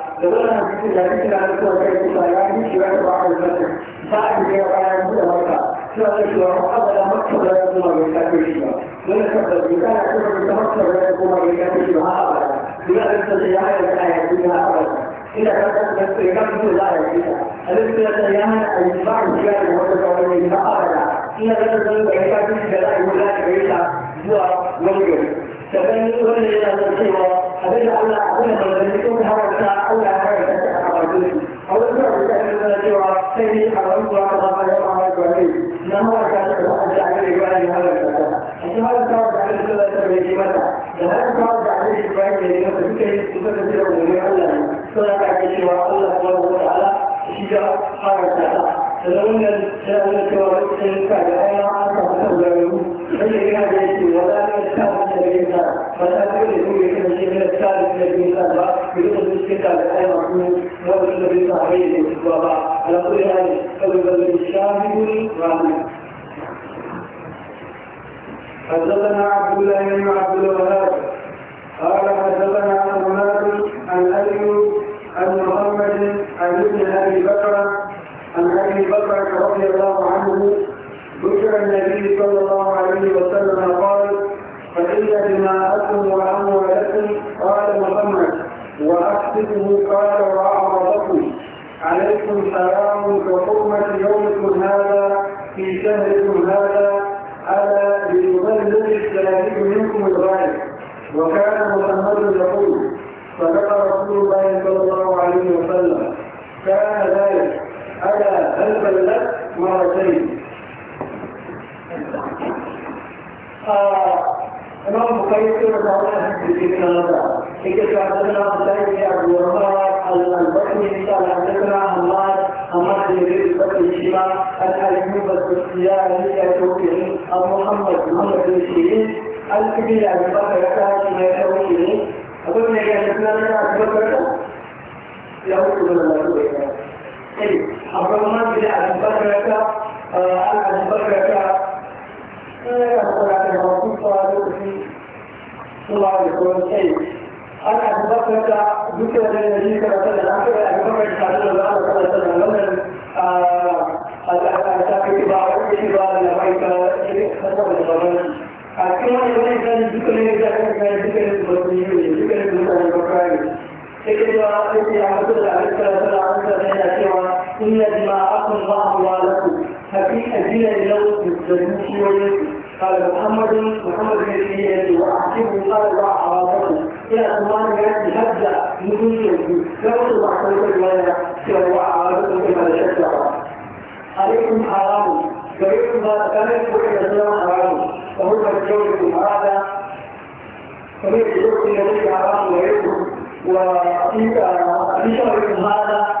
لولا أن تكون ذلك على قوة الإسلام شيئا بعد المسجد فأنت يا بعد المسجد سؤال شو أحد لا مقصد لا يكون بيتك شيئا ولا سبب بيتك يكون مقصد لا يكون بيتك شيئا أبدا ولا تستطيع أن تكون أبدا إذا كانت تكون لا يكون الذي تستطيع أن يدفع شيئا وتدفع منها أبدا إذا كانت تكون بيتك شيئا لا يكون لا يكون هو مجرد daban wanda yana zan cewa abin da Allah abin da manzanni sun haramta Allah a kamatu a wasu ne na haramta shi da ba'an da ake riba ne haramta ta a cikin suna da mata da da da cewa mai Allah ne suna da da daga wannan shawar cewa wata yanka da ayan an samu sauraro wanda yana da yake wata ne ta wata da yanka ba ta kai da kuma yake da shi da ta da ta yanka ba ku da su suke da ayan ku wanda su da bai sa bai da su ba ala kulli hal saboda da shahidun rahman حدثنا عبد الله بن عبد الوهاب قال حدثنا عن عن ابي عن محمد عن ابن ابي بكر عن أبي بكر رضي الله عنه ذكر النبي صلى الله عليه وسلم قال فإن دماءكم وأموالكم قال محمد وأكسبه قال وأعرضكم عليكم حرام كحرمة يومكم هذا في شهركم هذا ألا ليبلغ الشاهد منكم الغالب وكان محمد يقول فذكر رسول الله صلى الله عليه وسلم كان ذلك ألا هل بلغت مرتين آه، إمام بخير رضي الله عنه في كندا إذا حدثنا عبد بن أبي رمار البطني قال حدثنا عمار عمار بن زيد بن شيبة عن أيوب السختياني التوكلي عن محمد محمد بن شيرين الكبير أبي بكر كان التوكلي أقول لك حدثنا عن أبي بكر يقول الله طيب عبد الرحمن بن ابي بكر ابي بكر أنا أتذكرك ذكر النبي صلى الله عليه وسلم أكثر أن يفكر صلى الله عليه وسلم لمن أتباع اتباع لبيك فتبع الغرام كما يقول أن ذكر ذكر ذكر ذكر ذكر ذكر إلا بما إن الله وأموالكم ففي أجل لو تستجدوا قال محمد محمد بن سيدي وأحسبوا قال وأعراضكم إلى أمان يأتي هبدا مدنيكم لو تضحكوا الوالد سوى وأعراضكم كما تشجعوا عليكم حرام فريق ما تملك إلى السلام حرام فهو الجوع هذا فمن يجوع الذي حرام ويجوع وفيك بشركم هذا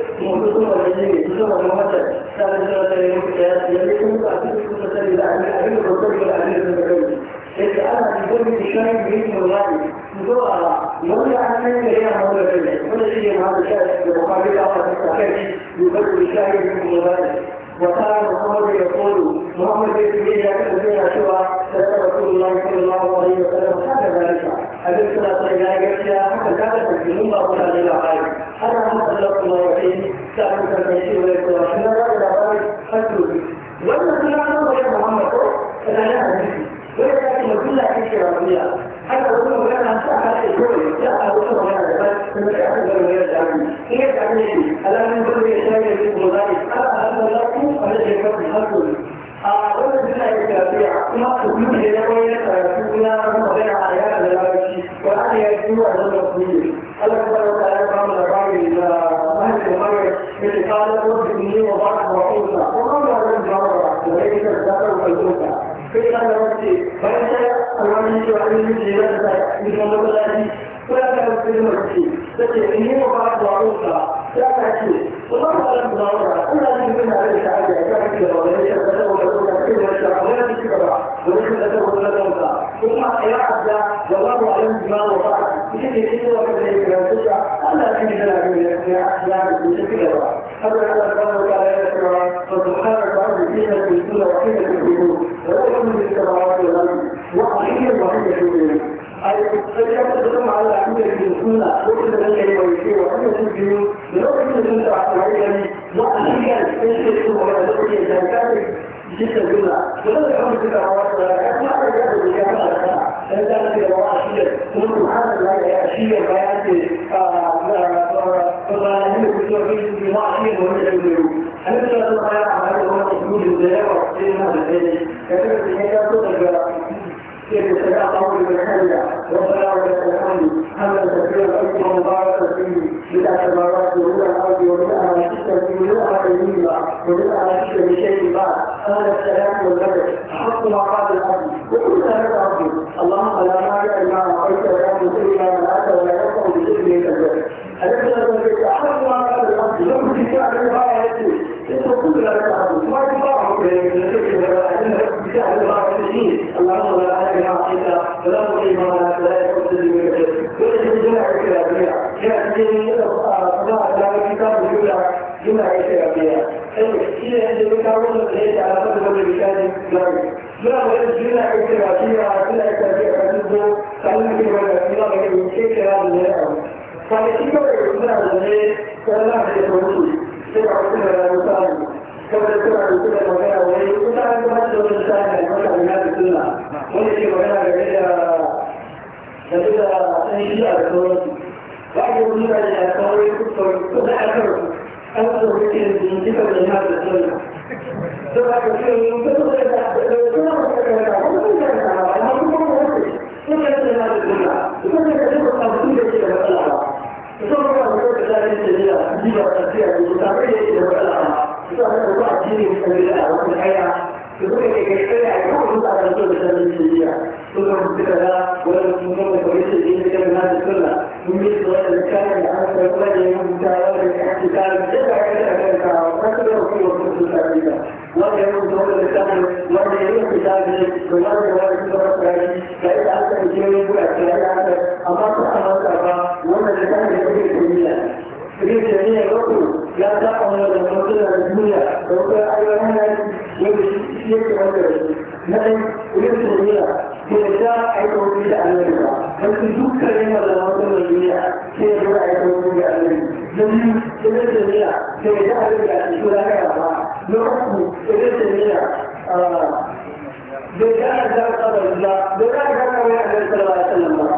موجود هو الذي يجوز الممثل ثالث سنة يملكه أسيس مثل الأمير الرسول والأمير الرسول إذ أنا بكل شيء من الغالي نزوع يولي عن من يرينا مولى كل شيء هذا الشيء بمقابل أخر مستحيل بكل شيء من الغالي وكان محمد يقول محمد يسميه لكن بين شوى سأل الله صلى الله عليه وسلم حتى ذلك هذه الصلاة إلى قبلها حتى كانت تكلمون بعض هذه الأحاديث أنا هم صلى الله عليه سألت المشي ويقول شنو رأي ذلك فتوه وأنا الله يا محمد فلا لا أدري ولكن كل شيء رمية حتى لو كان ساعة شوي ساعة وصل من بس سمعت من غير الأمن هي تعمل أنا من كل شيء في مضايق أنا هذا لكم أنا شيء في الحصول أعلم أنا الكافية ما تكون هي وين تكون مضيع عليها الأمن وأنا يجب أن نقول ألا كبر تعالى قام أنا أهل المرء من قال رب إني وضعت وحوصة وقال أنا جارة وليس أنا والموتى kai ka da wace bayan ta alwani cewa an yi jira da ta yi kuma matsalaci ko ya ga wasu da mace ta ce in yi mafa da wa'unka ta ka ce kuma ba ka da wa'unka ina jin kuna da ta ajiye ta ka ce da wani ya ta da wani ya ta da wani ya ta da wani ya ta da wani ya ta da wani ya ta da ثم يعد والله اعلم بما وضع بشكل يسوى كذا يقول الا في ذلك من الاحلام بشكل وضع هذا الله سبحانه وتعالى يذكر فسبحانك عن الدين الكل وحيدة الوجود كل السماوات والارض وعظيم وهي جميله أي فليتقدم على العقيدة المسلمة وكل من يرويه وكل مسلم لوكل من تعتبرني وأخيرا تشهد ولا تقل ذلك جدا جملة ولو يكون في الأموات ولا يكون على جهة الجامعة لأن كانت في الأموات شيئا ومن سبحان الله يأتي بيات فضلانية كتير في المعصية ومن الأمور هل تشهد الله يعمل da yawa cikin na da daidai اللهم لا مانع لما أعطيت ولا مسلم ما منعت ولا يرفع بسلم يتبع أليس كان المعصيين اللهم لا اله الا انت فلا مقيم لك لا يحب من غيرك كل من جمع كتابيه ياتي اصناع ذلك كتاب جمع جمع كتابيه إذا عندما تعود البيت على قدر الرجال لا لا غير جمع كتابيه كل كتابيه فتنزل تعلمك ولا تنظر من شيء كلام الله فلكي يقول لنا الغير فلا يحب سبع كل لا يسالك saboda suna da suka magana wani kusa an gaba da wani sa da wata guda da suna wanda ke magana game da da duka ɗan shi a sauransu ba a yi wani da ya sauran kusa a kan an kuma wuce da jin kisa da yana da suna to ba ka ce yin kusa da da suna da suka kanta wani kuma da ta amma kuma da wani kuma da yana da suna kuma da ka duka kwamfuta da ke da matsala ba ثم يقول لا تنتهي جيبا تنتهي المتابعية إذا وقلها ثم يقول جيني بسم الله وفي الحياة يقول لك كيفية يقول على الرسول صلى الله عليه وسلم ثم بكذا ولا تنظر كويس الدين كما هذا السنة من مثل هذا الكلام عن سيكون يوم متعاون الاحتكار جزاء كذلك وكذا وفي وقت التعليم ولا يوم دور الكلام ولا يوم كتاب ولا يوم دور الكلام فإذا أنت مجيب يقول أكلام أمامك أمامك أمامك أقول لك أنا كبير الدنيا كبير الدنيا يقول لا تقوم ولا تقوم الدنيا يقول أيها الناس يقول مثلا ويمشي الدنيا يرجع يقول في أمريكا لكن دوك كلمة لا تقوم الدنيا يرجع يقول في أمريكا لكن كبير الدنيا يرجع يقول في أمريكا نعم كبير الدنيا بجانب ذلك الله بجانب ذلك الله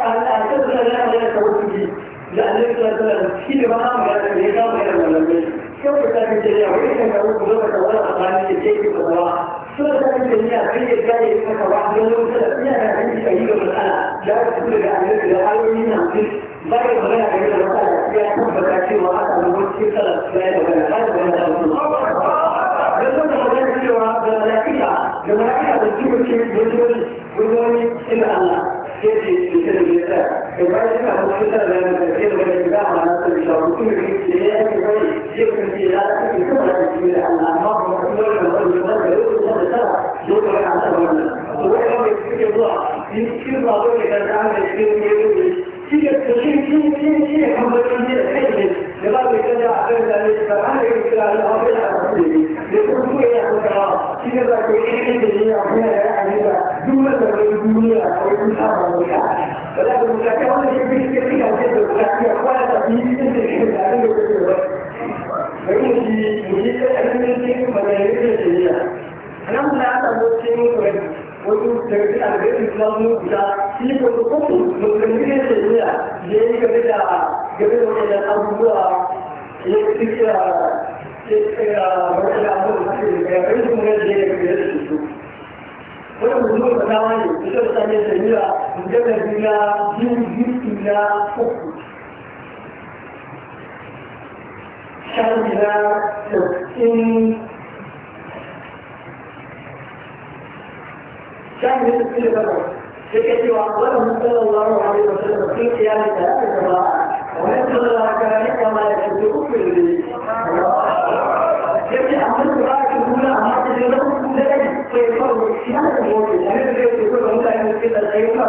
لا النبي صلى الله عليه وسلم في بقام هذا الهجام غير ملمس كيف كان الجميع وليس يقول بلغة ولا أقامي الشيء في الله سورة كان الجميع في الجاي يسمك واحد ولو سلم يا عندي شهيد مسألة لا تقول لك عن النبي لا حاول ينام باقي الغنى عن المسألة يا حب بكاتي وعطى من وجه في سلم لا يبقى هذا هو المسألة لما رأيت الجمهور في الجمهور في الله كيف يمكن الإنسان كما يجب أن يكون لنا تفكير بالإنسان على نفس الشر كل الإنسان يمكن الإنسان يمكن الإنسان أن أمر مسؤول من رجل الإنسان يمكن الإنسان يمكن أن أمر ويقوم بكثير ضعف يمكن بعضهم أن يعمل كثير من في التشين كين كين كين حمد كين الحين لغاية كذا عبد عليه فأنا يقول على أبي العبد يقول يا أخوة كذا ذاك الحين اللي أحنا يعني دولة الدنيا أو الحرب والحرب ولكن المشاكل هذا شيء بيشتغل فيها جدا ولكن أخوانا تبيين كل شيء عليه كذا فيقول لي مجيء الأمين الدين مدينة الدنيا أنا من أعلم وجهي wasu tarbi a ga yin kawo guda shi ko ko ko mutum ne ke tsaya ne game da game da wannan abubuwa ya tsira ya tsira wannan abubuwa da ya yi mun da ya ke da shi wannan mutum da tawa ne shi da tsane da yiwa da da duniya jin jin na uku shan da tsin كان من تفسير بدر لكي وأولهم صلى الله عليه وسلم في قيام ثلاث جماعات ويدخل لها كذلك ما يشركون في الليل يبدأ أحمد الرأي الأولى أمات الجنة لا يجب فيقول في هذا الموضوع أمير البيت يقول هم لا يمكن أن يكون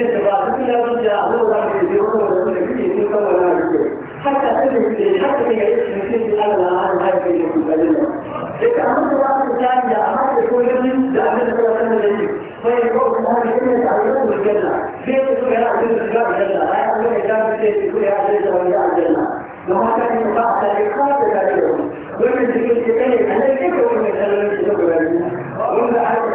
ليس بعد كل يوم جاء الله رب يقول رسول كل شيء كما لا حتى تدرك حتى تعيش مسير الله عن هذه الكلمة إذا أمرت بعض الإنسان يا أمرت كل يوم يا أمرت كل يوم يجيب فيقول هذه الكلمة تعلمون الجنة كيف يقول يا أمرت كل يوم الجنة لا يقول يا أمرت كل يوم الجنة وما كان يقع على الإقامة عليهم ومن ذكر الكتاب أنا كيف أقول لك أنا لم أتذكر ومن أحد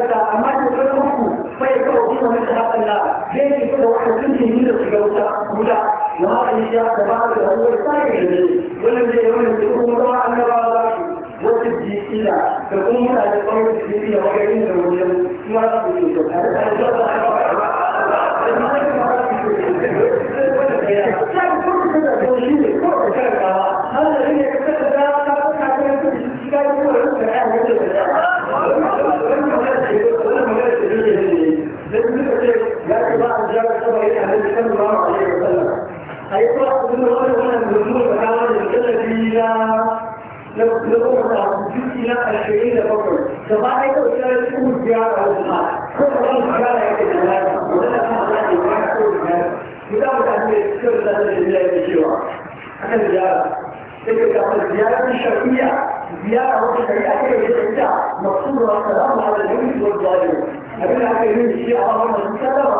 ذلك أما تكلمه فيكون من شهادة الله ذلك لو حسنت من الجوزة هدى وهذا الشيء تبارك هو الثاني والذي يوم يكون طبعا نبارك والتجديد تكون من هذا القول التجديد وغيرهم من الجوزة ما رأيك هذا يقرأ من الأولى الزيارة الشرعية زيارة الشرعية هي التي مقصودها السلام على الجنس والظالم أبنى أكيد الشيء على الله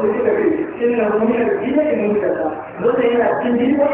da una que sai y no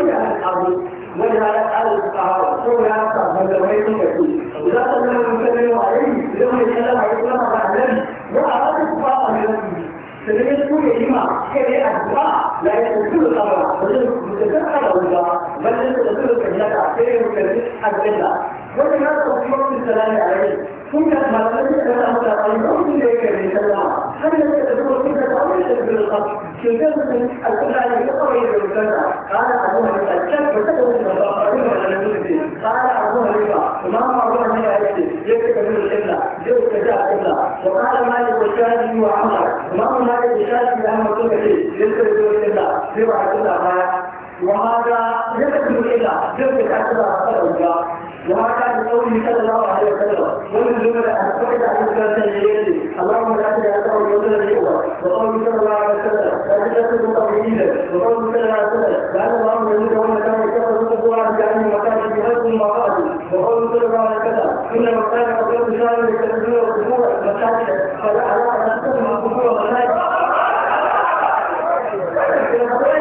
جوك جاء الله وقال مالك وشاهد وعمر ما مالك وشاهد لهم كل يذكر جوك الله يبعث الله وهذا يذكر الى جوك الله الله وهذا بقوله صلى الله عليه وسلم ومن جملة أن تقعد عن ثلاثة ليالي اللهم لا تدع أثر الجملة الأولى وقوله صلى الله عليه وسلم لا تجسد تقليدا وقوله صلى الله عليه وسلم لأن الله يموت وما كان يكفر رزقه عن جعله مكانه بغير وقوله صلى الله عليه وسلم إن مكانك الإسلام لتنبيه القبور المساجد فلا لا نقوم بالقبور والمساجد ولا عمل ولا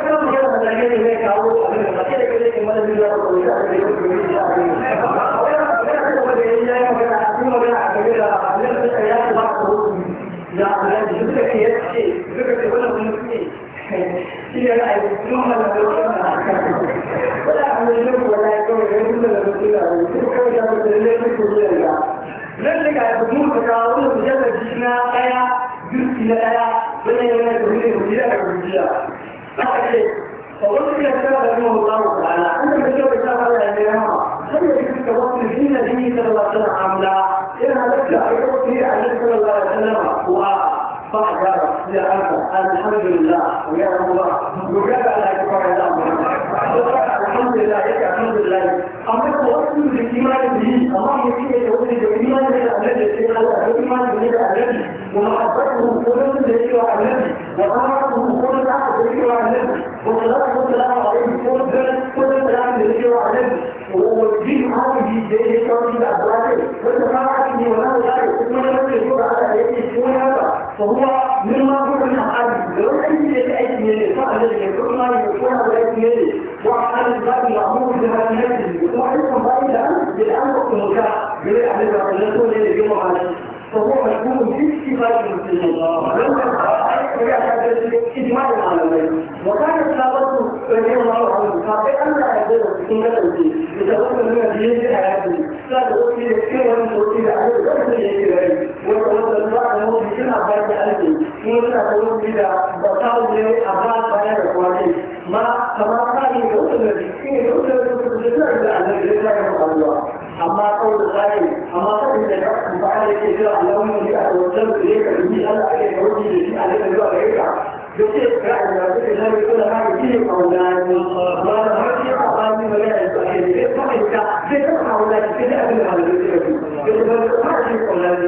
يكون غير من المسؤول عن nan daga abin da kawo wani mujallar jina ɗaya jirgi na ɗaya wani yana da wani wani da rubiya aka ce a wasu ya ta da kuma mutane da ala an da mutum da shafa da ne rama sai da duka wasu jina da yi sallallahu alaihi wasallam amla yana da a ga wasu ya alaihi sallallahu alaihi wasallam ko a ba a gara ya an alhamdulillah ya rabuwa dogara ala kifara da alhamdulillah ya ce alhamdulillah amma ko wasu da imanin da yi amma mu ce da wani da imanin da annabi da sai Allah da imanin da annabi wa ma'abbatu ko da da yake wa annabi wa ta'atu ko da aka da yake wa annabi wa salatu salamu alaihi ko da ko da salamu da yake wa annabi wa din hadi da yake kawai da Allah wa ta'atu ni wa la ilaha illa Allah ko da Allah da yake ko ya ba fa huwa mimma huwa min ahadi da wani da yake aiki ne fa Allah da yake ko ma yake ko da yake وعن الباب يعمل بهذه وتوحيدهم بقى الآن للآن وقت المكاح بيقول عليه بقى الناس هو اللي بيجوا عليه فهو مشغول في فايد المسلمين إجماع العالمين وكان الصحابة رضي الله عنهم فقال لا يقدر في سنة الدين يتوقع من الدين حياته لا تقول في كثير من تقول في عليه ولا في عليه وتوقع الله عنه في كل عبادة in suna ta wuri da bauta wuri a ba bayan da kuwa ne ma kamar ka yi da wasu da shi ne da wasu da wasu da suna da annabi da ya yi kwallo amma kawai da tsari amma kawai da ya ba da yake zuwa alamun da ya wajen da ya karbi Allah ya yi wani da shi a daga zuwa gare ka yake ra'ayi da suke zai kula ma da shi kauna ne ba da harshe a bani ba ya yi tsari da ya fahimta sai ka kauna shi sai da abin da halittu ya yi yadda ba da harshe kauna ne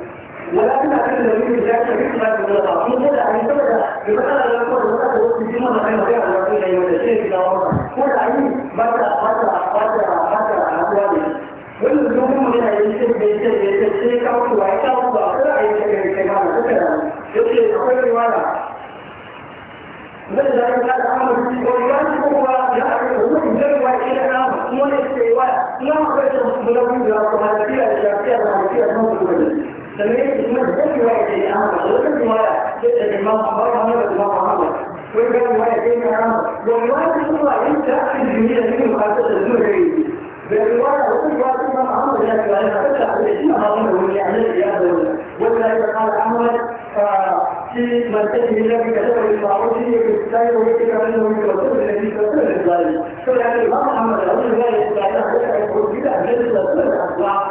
ولكن أكيد النبي بذلك في ما يقول من كل أن يتبع يتبع لكم الوضع الوضع في ما كان مبيع الوضع إلى يوم الشيء إلى وضع كل أن بدأ بدأ بدأ بدأ أقواله والنجوم من الشيء بيشيء بيشيء شيء كوكب وكوكب وكوكب أي شيء كمان كذا يقول أقول رواية بدأ هذا الأمر والواجب هو يعرف الجنوة إلى الأمر والاستواء لا يخرج من الوجود الرحمن فيها الشافية الرحمن فيها الموت تمرين الجسم كل واحد شيء اهم وكل واحد جدا الموقع بره هنا الموقع هنا وكل واحد شيء اهم والواحد هو انت الجميله اللي مخالفه الزهري بالروايه وكل واحد ما عمره يعني انا فتح الاسم هذا هو اللي يعمل لي هذا ولا قال احمد في مركز النبي كتب للمعروفي في الثاني ويكتب منه من رسول النبي صلى الله عليه وسلم فلان الامام محمد رسول الله صلى الله عليه وسلم كده عشان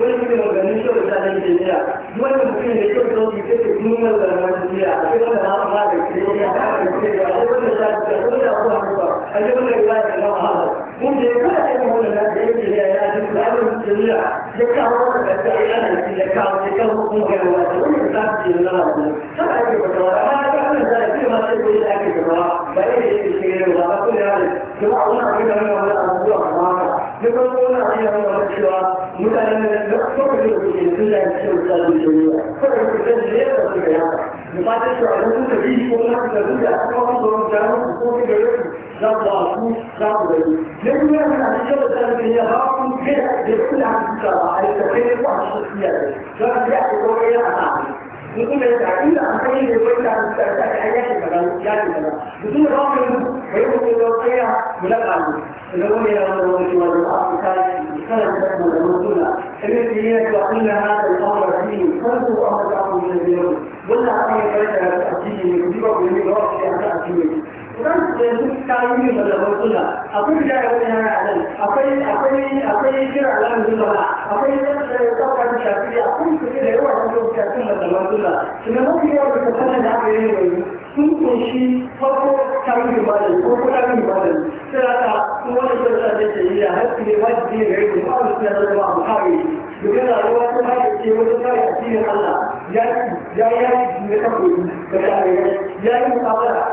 wani mutum maganin shi wata da ke jiya wani mutum da ke zo ke ke nuna da wani jiya a cikin wanda ma ma da ke jiya a cikin wanda ya wanda ya ta wanda ya kuma haka a cikin wanda ya ta kama haka mun da ya kuma ta yi wanda na da ya ke jiya ya ji da wani jiya ya kawo da ta yi ana ci ya kawo ya kawo kuma ga wani da wani ta ci ya zama da ta ba ke wata wata amma ta kuma da ke ma ta yi da ake gaba ba ya ke ke ke ba ba ko ya ne jama'a wannan abin da wani abubuwa amma ka ne kuma wannan abin da wani cewa mutanen da suka yi da sun da suke misalin shari'a kawai su kan da yawa su ga yawa misalin su a nan suka bi ko na su da su da aka kawo su da su ko su gare su za ku ba su za ku gari na yi yawa na da yawa da su ya ba ku kai da su da su ka ba a yi da kai ko a su su ya da za ku ya ku ko kai a ta in kuma ya ta inda an kai ne ko ta su ta ta ya ya ta ga ya ta ga mutum da ba ku bai ku ko kai ya mulaka ne da wani ya wani wani wani a ku kai kana da mu الذين يتقون هذا الامر فيه فرضوا امر الامر من اليوم ولا امر بين الدين يجيبه من الوقت على الدين idan yanzu kayoyi malaman suna akwai da ya wani yana nan akwai akwai akwai kira alamun suna akwai tsaka da shafi akwai su da yawa da su shafin malaman suna suna mafi yawa da kasar da aka yi yanzu sun kunshi farko kayoyi malam ko kuma kayoyi malam sai ولا تبقى تسعي هذه وجهي بعيد خالص من الله محاوي يقول هو تبقى تسعي وتبقى تسعي الله جاي جاي مكبر جاي جاي مقابلة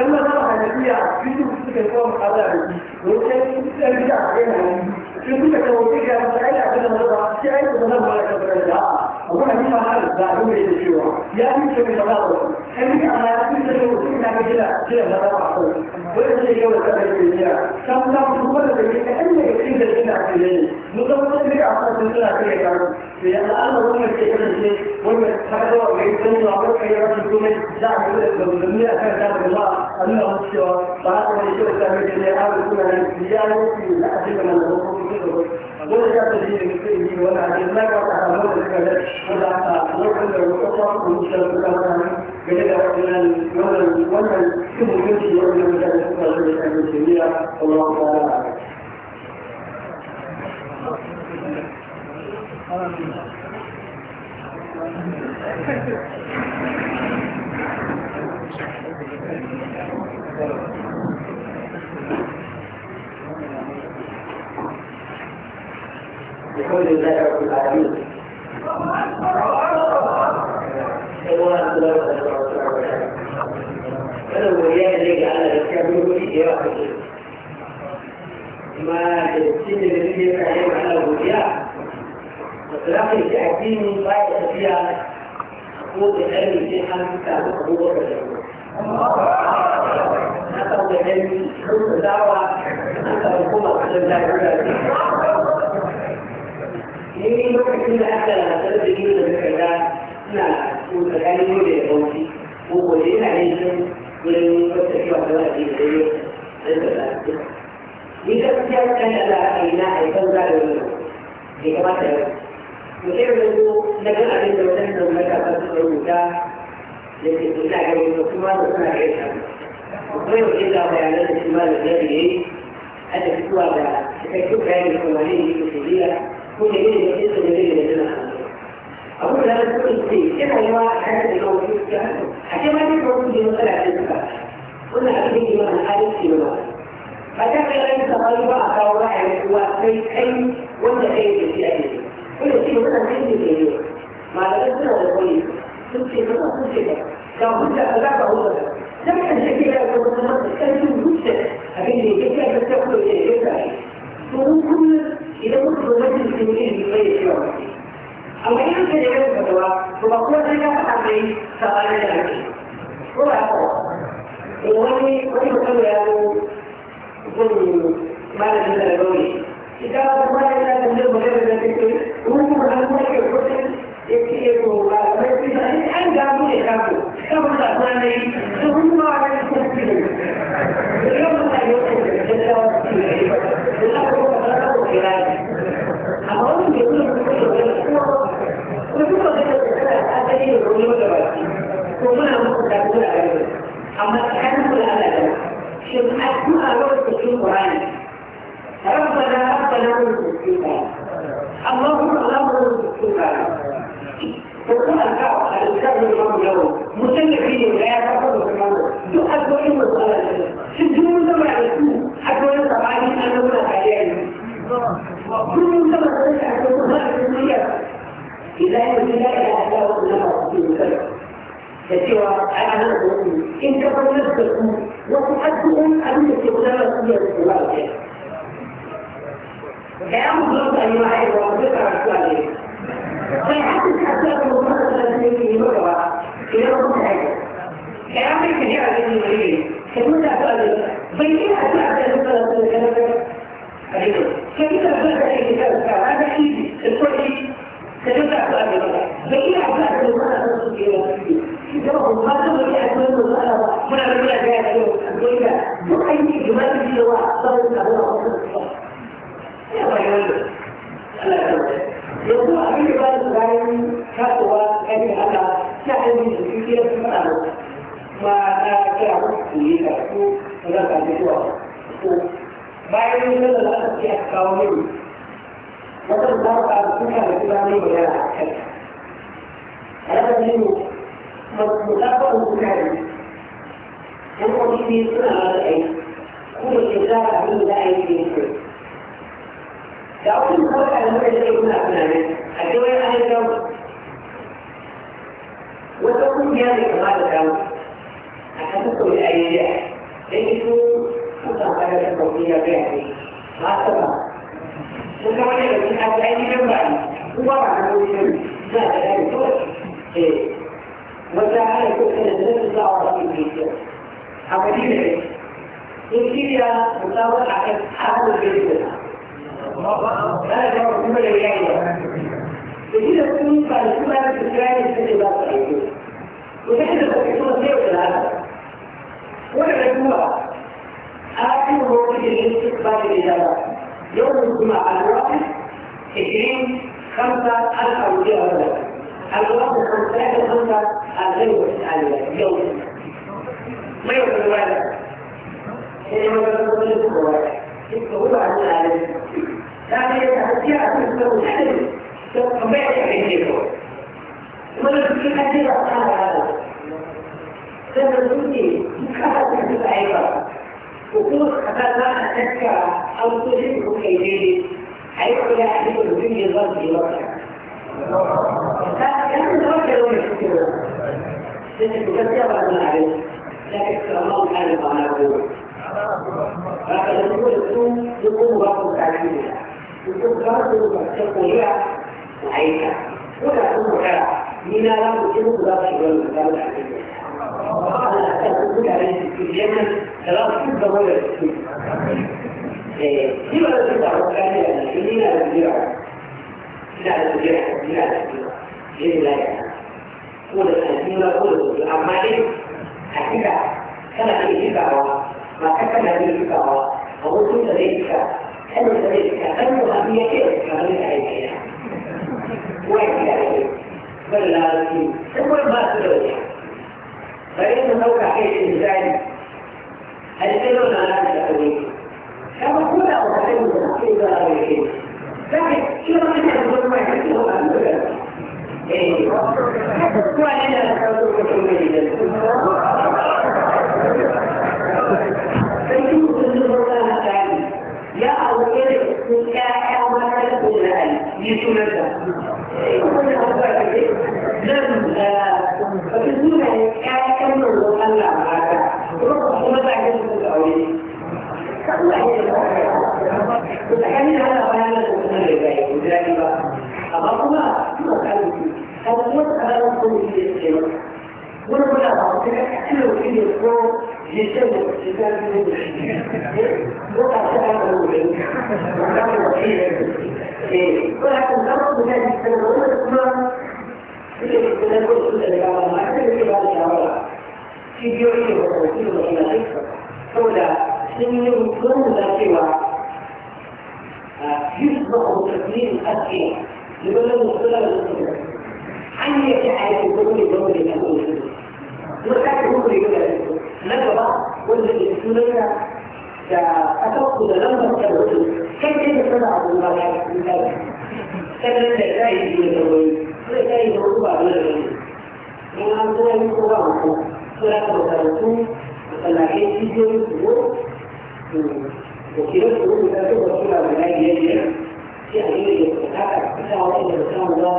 أما ترى هنفيا في كل شيء كان مقابلة وكان يسأل بيها علينا يقول لك لو تيجي على مسألة كذا مرة شيء تنظر على كذا أقول هذه مهارة ضروري للشيوخ يعني شو من هذا؟ أنا أنا أقول لك لو تيجي على كذا كذا مرة ويقول لي يوم الأبد الدنيا كم لا تقول لي كأن يكيد الدنيا في الليل نقول لي أعطى الدنيا في الكلام لأن الله هو يكيد الدنيا وما تحدوا ويكتنوا وعبروا في رأس الدنيا دعم الأسلام لم يأخذ ذات الله أنه السوى فهذا هو الشيء الثاني الذي أعرف كنا نتجاه في الأسلام الذي dole ya ta jiya ga kai ne wani abin na ka ta hannu da suka da wanda aka lokacin da wata kwa ku wuce da suka hannu game da wannan wannan wannan cin mutunci ya wani mutane suka zo da kan jami'a Allah ta ala Thank you. بحول الله رب العالمين فلو وياه اللي جعل الكامل يأخذ ما السن الذي يفعل على وياه وتلاقي تأكيد فائدة فيها قوة العلم في حالك هو نسأل العلم حب الدعوة نسأل القوة على الله ne lokacin da aka lantar da yin da suka ga suna ko tsakanin yau da ya bauchi ko ko da yana yin shi wurin wata kiwa da wani da ya yi da lafiya ni gaskiya kan da za a yi na haifar za da wani bai kamata yau mutum da zo na kan abin da wata da wani kafa su rubuta da ke ina ganin da kuma da suna da ya shafi akwai wajen da bayanan da shi ma da zai yi a da fitowa da cikakken bayanin kuma ne ne ke shirya هو جميل جدا جميل جدا أقول لها تقول لي كيف هو هذا الموجود كان حتى ما تقول لي مثلا عندك قلنا حبيبي ما أنا عارف في ملوك فتبقى أنت طيبة أو راعي وكيف أي وأنت خير في أجل كل شيء مثلا عندي في اليوم ما لقيتنا الكويس تبكي مثلا تبكي لو كنت أبعد أقول لك لم تشكي لك كنت تتكلم جدا حبيبي كيف تاكل كل إذا كنت تذكر الكلمين في غير اليوم أو أي شيء يجب الفتوى فبقول لك أعطي سؤال ذلك ولا أقوى وهي وهي تقول له قل ما لم تلقوني إذا ما إذا لم تلقوني لكن ممكن أن أقول لك يكتب ويكتب أن قاموا يكتبوا كما تقولني ثم ما عليك تكتب اليوم لا يكتب إلا amma tsakanin kula da gaba shi addu'a lokacin cikin Qur'ani rabbana rabbana wa rabbika Allahumma Allahumma wa rabbika ko kuma ka alƙar da mu yau mutum da kike da ya fara da kuma duk addu'o'in mu Allah shi duk mun zama da su addu'o'in sabani an كل ما ترجع تقولها بالنية إذا أن ذلك أداء لما في سوى أنا إن تفلتكم وتؤدون أن استخدام سورة الله كلام ضد أي واحد وأنفق على السؤال فيحدث أسباب المفرطة التي يمرها إلى رب العالمين كلام الكثير الذي يمريه كلمة أسباب فإن أسباب المفرطة التي فكيف تبدا في الكتاب هذا ايدي الكويتي سيرجع سؤال المسألة لكن أحباب المسألة تصل إلى التفكير جواب ما تقول لي أسماء المسألة هنا بقول لك يا أخي أقول لك شو أي جمال في الواقع صار لنا هنا أصلا يا رجل يقول أبي بن زين فتوى أبي هذا سهل من الفكرة في المسألة ما كان يقول لك ولا كان يقول bayan yin da za ta ce a kawo mini wata da za ta suna da kuma ne mai yana a kai yana ne mu mutafarin suka ne yan kwanci ne suna da aiki kuma ke za a yi da aiki ne su da wani kawai a zai da suna tunanin a kewaye an yi gawo wata kungiya ne kama da gawo a kasar kawai a yi da ya yi وتوقع التوقيع بيعي ما تبع وكمان يجب أن تعيني من بعد هو معنى مسلم لا لا يقول إيه وتعالى يقول إن الناس لا أعرف فيه عملية يمكن أن نتابع على حال الجديد هذا هو الجمل الجاية يجب أن تكون بعد كل هذا الإسرائيل في الإبادة وتحدث في كل شيء ولا هذا ولا الجمل آخر وقت الاستقبال الإجابات يوم الجمعة الواحد 20 5 1400 الواحد خمسة 5 2009 يوم إيه إيه إيه ما يوم الواحد إنما يوم الواحد هو عن العالم لكن يتحدى عن المستوى فبيع يحيي ولا يمكن أن يبقى هذا لما تقولي كهذا العبارة وكل خفاء ما أتتك أو تجيبه كيديه حيث لا أحد الدنيا ضد الوقت فكان الوقت لو يشكره لأنك تتبع ما عليه لكن الله سبحانه وتعالى فقد يكون يكون رب تعليمها يكون رب تقويها وعيشها ولا تكون خيرا من لا يقوم ذلك الوقت وعلى أساس تكون عليه في اليمن خلاص كل دولة دي بقى بتاع الثانية مين على الجرعة مين على الجرعة مين على الجرعة ليه لا يعني قول الأنزيمة قول الأعمال حقيقة كان عليه دعوة ما كان عليه دعوة أو كنت ذلك كان ذلك كان أهمية كيف كان عليه وإحنا عليه بل لا يمكن هو ما تدري فإن موقع حيث الإنسان السر على هذا التأويل كما كل أوقاتين في ذلك لكن شو رأيك تقول ما يحسنه عن ذلك؟ إيه، وأنا أقول لك يا أولاد نكاح أولاد الأولاد يسولد إيه، كل أولاد لم آه، فبدون نكاح roƙon Allah a haka kuma za ka shi da aure ku tsakani da hana bayan da kuma da gaya ku jari ba amma kuma kuma kanu ku kuma kuma tsakanin kuma ku ke ce wani kuna ba ku kuma kilo ku ne ko jishin da shi ta fi da shi ko ka shi an da wuri ba ka da shi eh ko ka kuma ku da shi da wani kuma Ini kita boleh sudah dekat mana? Kita boleh baca apa? cibiyoyi wa wakil da ina aika سنين sun yi rukun da cewa يصبح تكليف الأسئلة لمن لم يصل إلى أن يجعل كل دور له وكان كل يوم نجرة والذي يسمى كأتوقد لما تقول كيف يصنع الله كان لا يجوز التأويل لا يجوز الرجوع إلى الغيب من أن يكون suna makarantu masallatai cikin tsoro da kiran tsoro da ta zuba suna guda biyar biyar sai a yi da ta kaka kusa wani da ta samu ba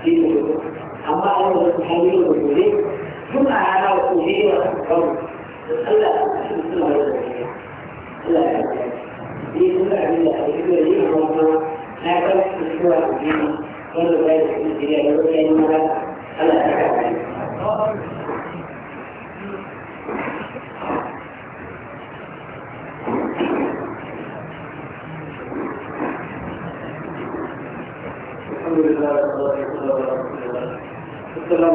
shi ne gudu amma a yau da ta hanyoyi da gobe duk a rana wa kuma yi wa kawo Allah shi ne suna da gobe Allah ya kawo ni kuma abin da ake kuma yi wa kuma na kawo su suna da gobe wanda ba ya da kuma jiriya da wani yanyi mara Allah ya kawo السلام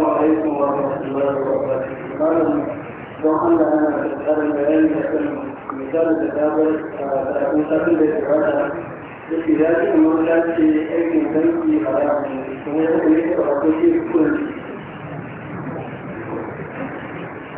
عليكم ورحمة الله وبركاته. قال وأن أنا أتكلم بعلم مثال تداول مثال الاستعادة في ذلك المرة في أي بنك حرام وهي تكلفة رقمية كلها.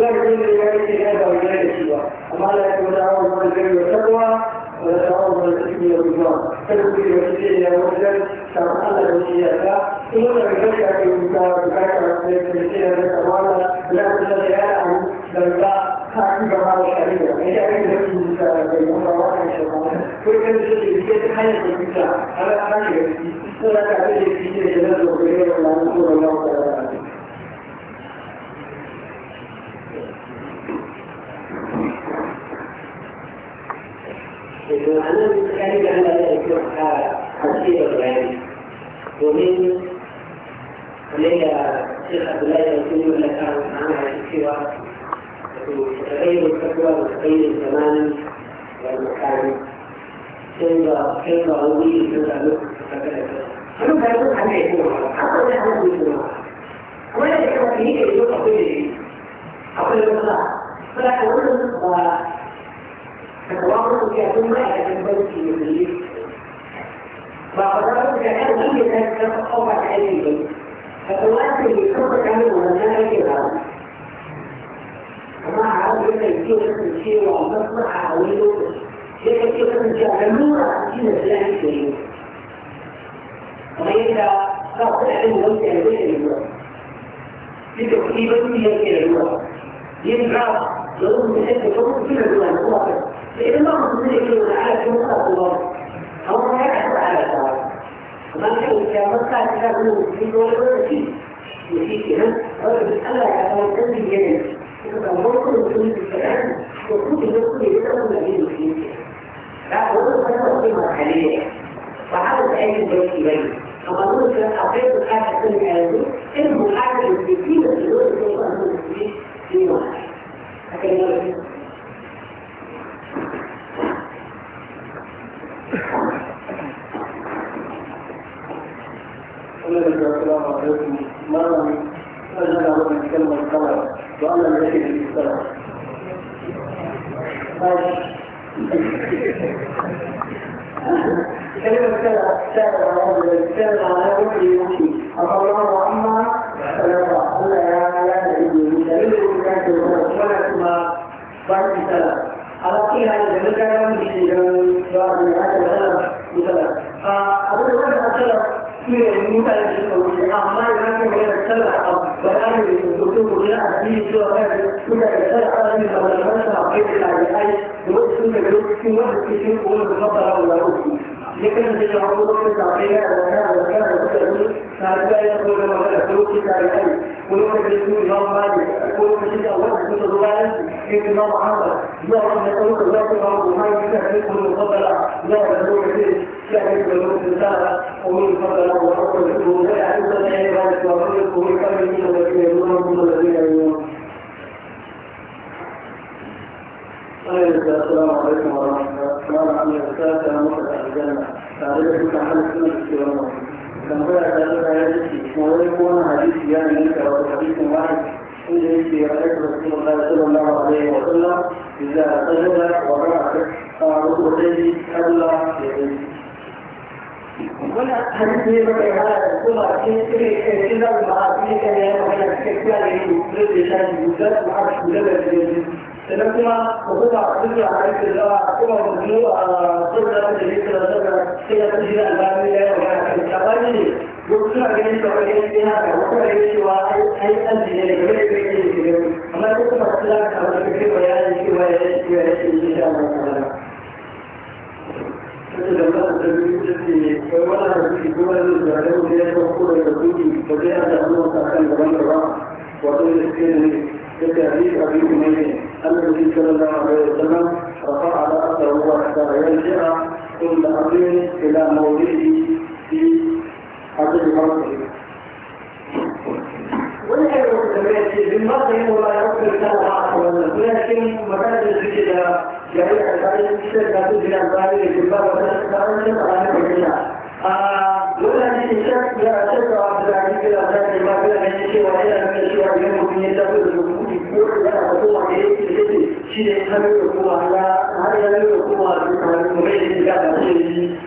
لا يكون لذلك هذا وذلك سوى أما لا يكون تعاون على البر والتقوى ولا تعاون على الإثم والإجرام فلكل وسيلة إلى وجل شرعا الوسيلة ثم بذلك في المكان بكاكا وسيلة للأمانة لا تزال عن بلداء حاكم على الشريعة إذا كان يكون المكان بين الله وشرعه وكان يجب أن يتحيز المكان على حاجة ولا تعتقد في جلد الله ولا نقول الله تعالى أنا أتكلم عن ذلك تفسير البيان ومن لدى الشيخ عبد الله يقول لك عنها كثيرا تغير الفتوى وتغير الزمان والمكان كيف كيف أروي كيف ألوك فكذا فلوك ألوك حتى يكون أقول لها أنا أقول لها ولا يكون فيه يقول أقول لك أقول لك فلا أولهم فتواصلوا في أدوم أتجنبوا في يومين وأقرروا بأن كل ذلك خوف عليهم فتواصل بسوق كامل ولنا كبار وما عرفوا يكيو الشيء وأنصح أولو يكيو الجعلونا في نسلان الكريم وإذا صار العلم وسع البشر في تقريبا 100 كيلو ينقص لو انت حته شغل كده دول هو كده لان ما مصدر ايه ولا على شو مصدر الله هو ما يحصل على الله وما في كان مصدر كده من في دول ولا في في كده رجل الله يعطيك تنزل جنب كده ممكن تقول الكلام وكل يدخل يتكلم ما بين فيه لا هو ده في مرحليه وعاوز اي شيء يبين فقالوا لك حطيت حاجه في الحاجه المحاكمه في كل دول السلام عليكم ما أجل من كلمة الصلاة وأنا من يجب في الصلاة كلمة الصلاة السلام عليكم السلام عليكم الله أما الله يا بعد مثلا على كل هذا الجمال كان يوم بعد هذا مثلا مثلا فأقول لك مثلا في مثلا ما يمكن أن يتسلح بيان الدكتور لا في سوى هذا كنا يتسلح على أن المدرسة في الحاجة أي نوصل في الوقت في وقت في وقت في وقت في وقت لكن الذي يعرضون من تعطيها وكان وكان وكان فهذا يقول لما كان كل كتاب الحي كل من يسمى الإمام مالك كل من يسمى أول كتب الغالب كيف الإمام محمد لا رحمة الله لا تقرأ وما يفتح منكم المفضلة لا يدعو فيه شاهد بلوك الرسالة ومن المفضلة وحكم الرسول لا يعرف أن يعرف أن يعرف أن يعرف أن يعرف أن يعرف أن يعرف السلام عليكم ورحمة الله السلام عليكم وبركاته أنا مخرج أهل الجنة تعالى بك عن السنة السلام كان هو يتعلم حديثي وهو يكون حديث يعني منك أو حديث واحد إن جئتي رأيت رسول الله صلى الله عليه وسلم إذا سجد ورفع ركبتيه ألا يديه wannan hadisi ne mai hana kuma cikin irin irin da ba a cikin kan yana magana cikin kiyaye da da shi da da da da idan kuma ku kuka duka a aikin zawa kuma ku biyu a zuwa da ke yake da zuwa sai ya fi jira albani ya yi magana kan tabari ne duk suna ganin kamar yadda ya haka wasu da yake cewa ai an ji ne da gare da yake da gare amma duk kuma su za ka kamar da kai bayanin cewa ya yi cewa ya yi shi da Allah ta'ala. Kasi da ba a tabi da ke kai wani harfi kuma da zare mu ya ta kura da kuɗi ba zai a da hannu a kan gaban gaba wato da ke ne da tarihi a biyu ne أن النبي صلى الله عليه وسلم رفع على رأسه وحتى يرجع كل أمير إلى مولده في أجل مرضه. ولكن بالمرض ولا يقبل الساعة ولكن مكان الزكي جميع الباقي الشركة تجري عن باقي الجبال وتتعامل على الجميع. ولا شك لا شك عبد العزيز الأزهر ما بين الشيء وإلى من الشيء وإلى المؤمنين يقول لها الحكومة شيء يحمل الحكومة على هذا الحكومة مبين الكلام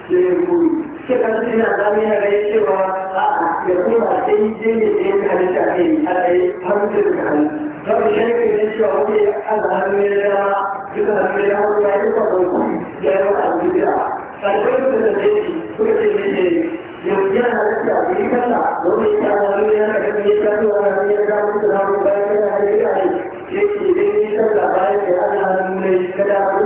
للمولود كان فينا دمينا بيت يكون أي شيء من هذا الشيء أي هم تلك فمن شيء يشعر به أذهب إلى جسد من الأرض ويتصل إلى الأرض بها فالبيت الذي كل شيء يمكن أن يستعمل كلا ومن كان من يكون يكون يكون يكون يكون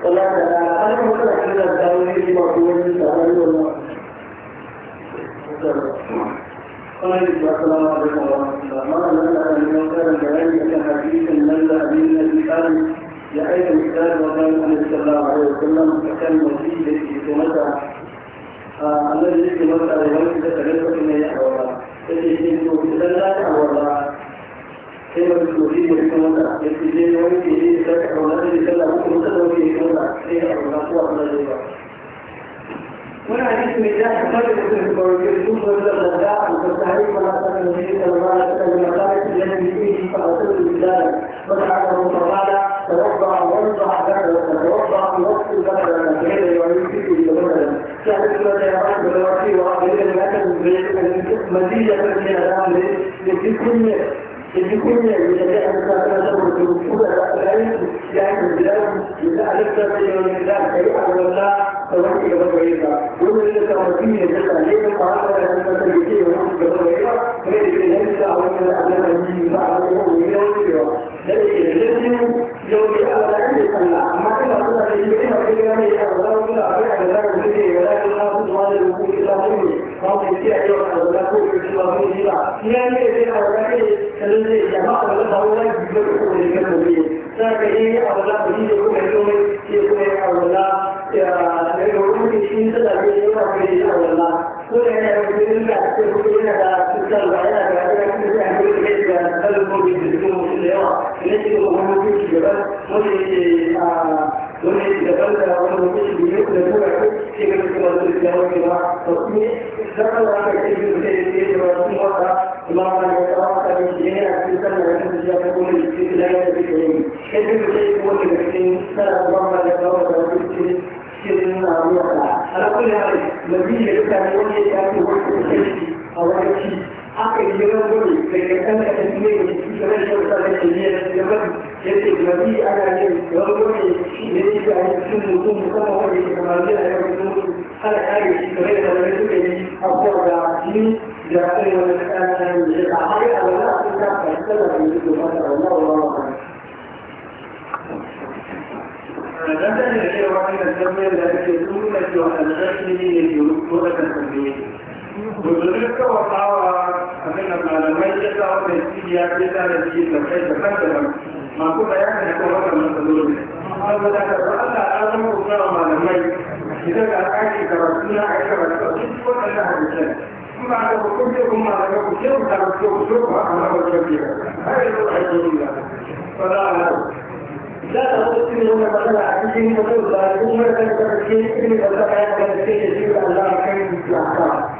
السلام عليكم ورحمة الله ما لنا أن يوكل الجلال كحديث من لا دين الإسلام لأي مثال وقال أن صلى الله عليه وسلم كان مسيح في سنته الذي يمتع لمن تتجسد من يحوى فإذا كنت في سنة أولا كلمة الوزير يكون يكون يكون يسافح ونادي يسلع ممكن يسلم يكون شيء أو مشروع ولا شيء ولا حديث من الله قال يكون مبلغ الداع وتستهلك ما أحسن النبي صلى الله عليه وسلم قالت الذي فيه فأرسل البلاد وسعده فقال توضع وانضع بدلا توضع وقت بدلا كذا ويمسك بدلا سألت ماذا يفعل بالوقت وأخبرني أن المزيد من الأمر لكل Jadi punya menjadi antara sama berkumpul dan lain yang berjalan kita ada satu yang tidak dari Allah Tuhan kita berbeda. Bukan itu sama sini kita lihat pada dan kita lihat yang kita berbeda. Mereka yang kita awal kita ada lagi kita awal kita mungkin ada juga. Jadi jadi yang kita ada di sana يمكنك كلمة أغلب إلى أبيع لذلك به ولكن لا بد من الوقوف إلى مني رب يسيع يوحى ولكن في الله مني لا يعني إذا أغلبه الذي جمع له هؤلاء بالحقوق الكلمة ساكي أغلب به يكون يوم يكون أغلب يقولون إن سلا بيجوا في أغلب كل هذا يقولون لا يقولون لا تسأل بعيا بعيا يقولون هذا هذا الموجود في اليوم الذي هو موجود في الجبل موجود wanda ya da kanta wani mutum da ya da kuma kai sai ga kuma da ya wani ba to kuma sai da aka ce da ya da kuma wata imam da ya fara da shi ne a cikin sanar da shi ya kuma da shi da ya da shi ne sai da shi kuma da shi sai da kuma da ya fara da shi cikin na ruwa ala kulli hal nabi ya kana wani ya ce wani a wani haka yi yawan gudu kai ka kan ka tafiye da shi kamar shi wata da ke ne da ya bari ya ce mafi ana yin yawan gudu shi ne shi ga yin cikin mutum musamman wanda ke kamar zai a yawan gudu ana kare shi kamar da wani suka yi abubuwa da jini da kai wani kanan da ya amma ya wani a cikin kafa ya tsala da yi da mata wallah wallah wallah. Dan tadi da cewa wannan tambayar da ake tura cewa alƙashin ne ke rubuta kan tambayoyi. gudunar kawatawa abin da malamai ya sa wata ciki ya ce ta da ciki da kai da kan daban masu bayanin da kuma wata masu dole saboda da ba Allah an zama kusurwa malamai idan da ake karatu na ake karatu a cikin waɗannan hadisan in ba da hukunci kun malamai ku ce ku ta ku ce ku ce ku haka na wajen biya har yanzu a yi dole ba za a hau لا تقول إن هم مثلا عايزين يقولوا لا هم مثلا كانوا كتير إن مثلا كانوا كتير يجيبوا الله كان يطلع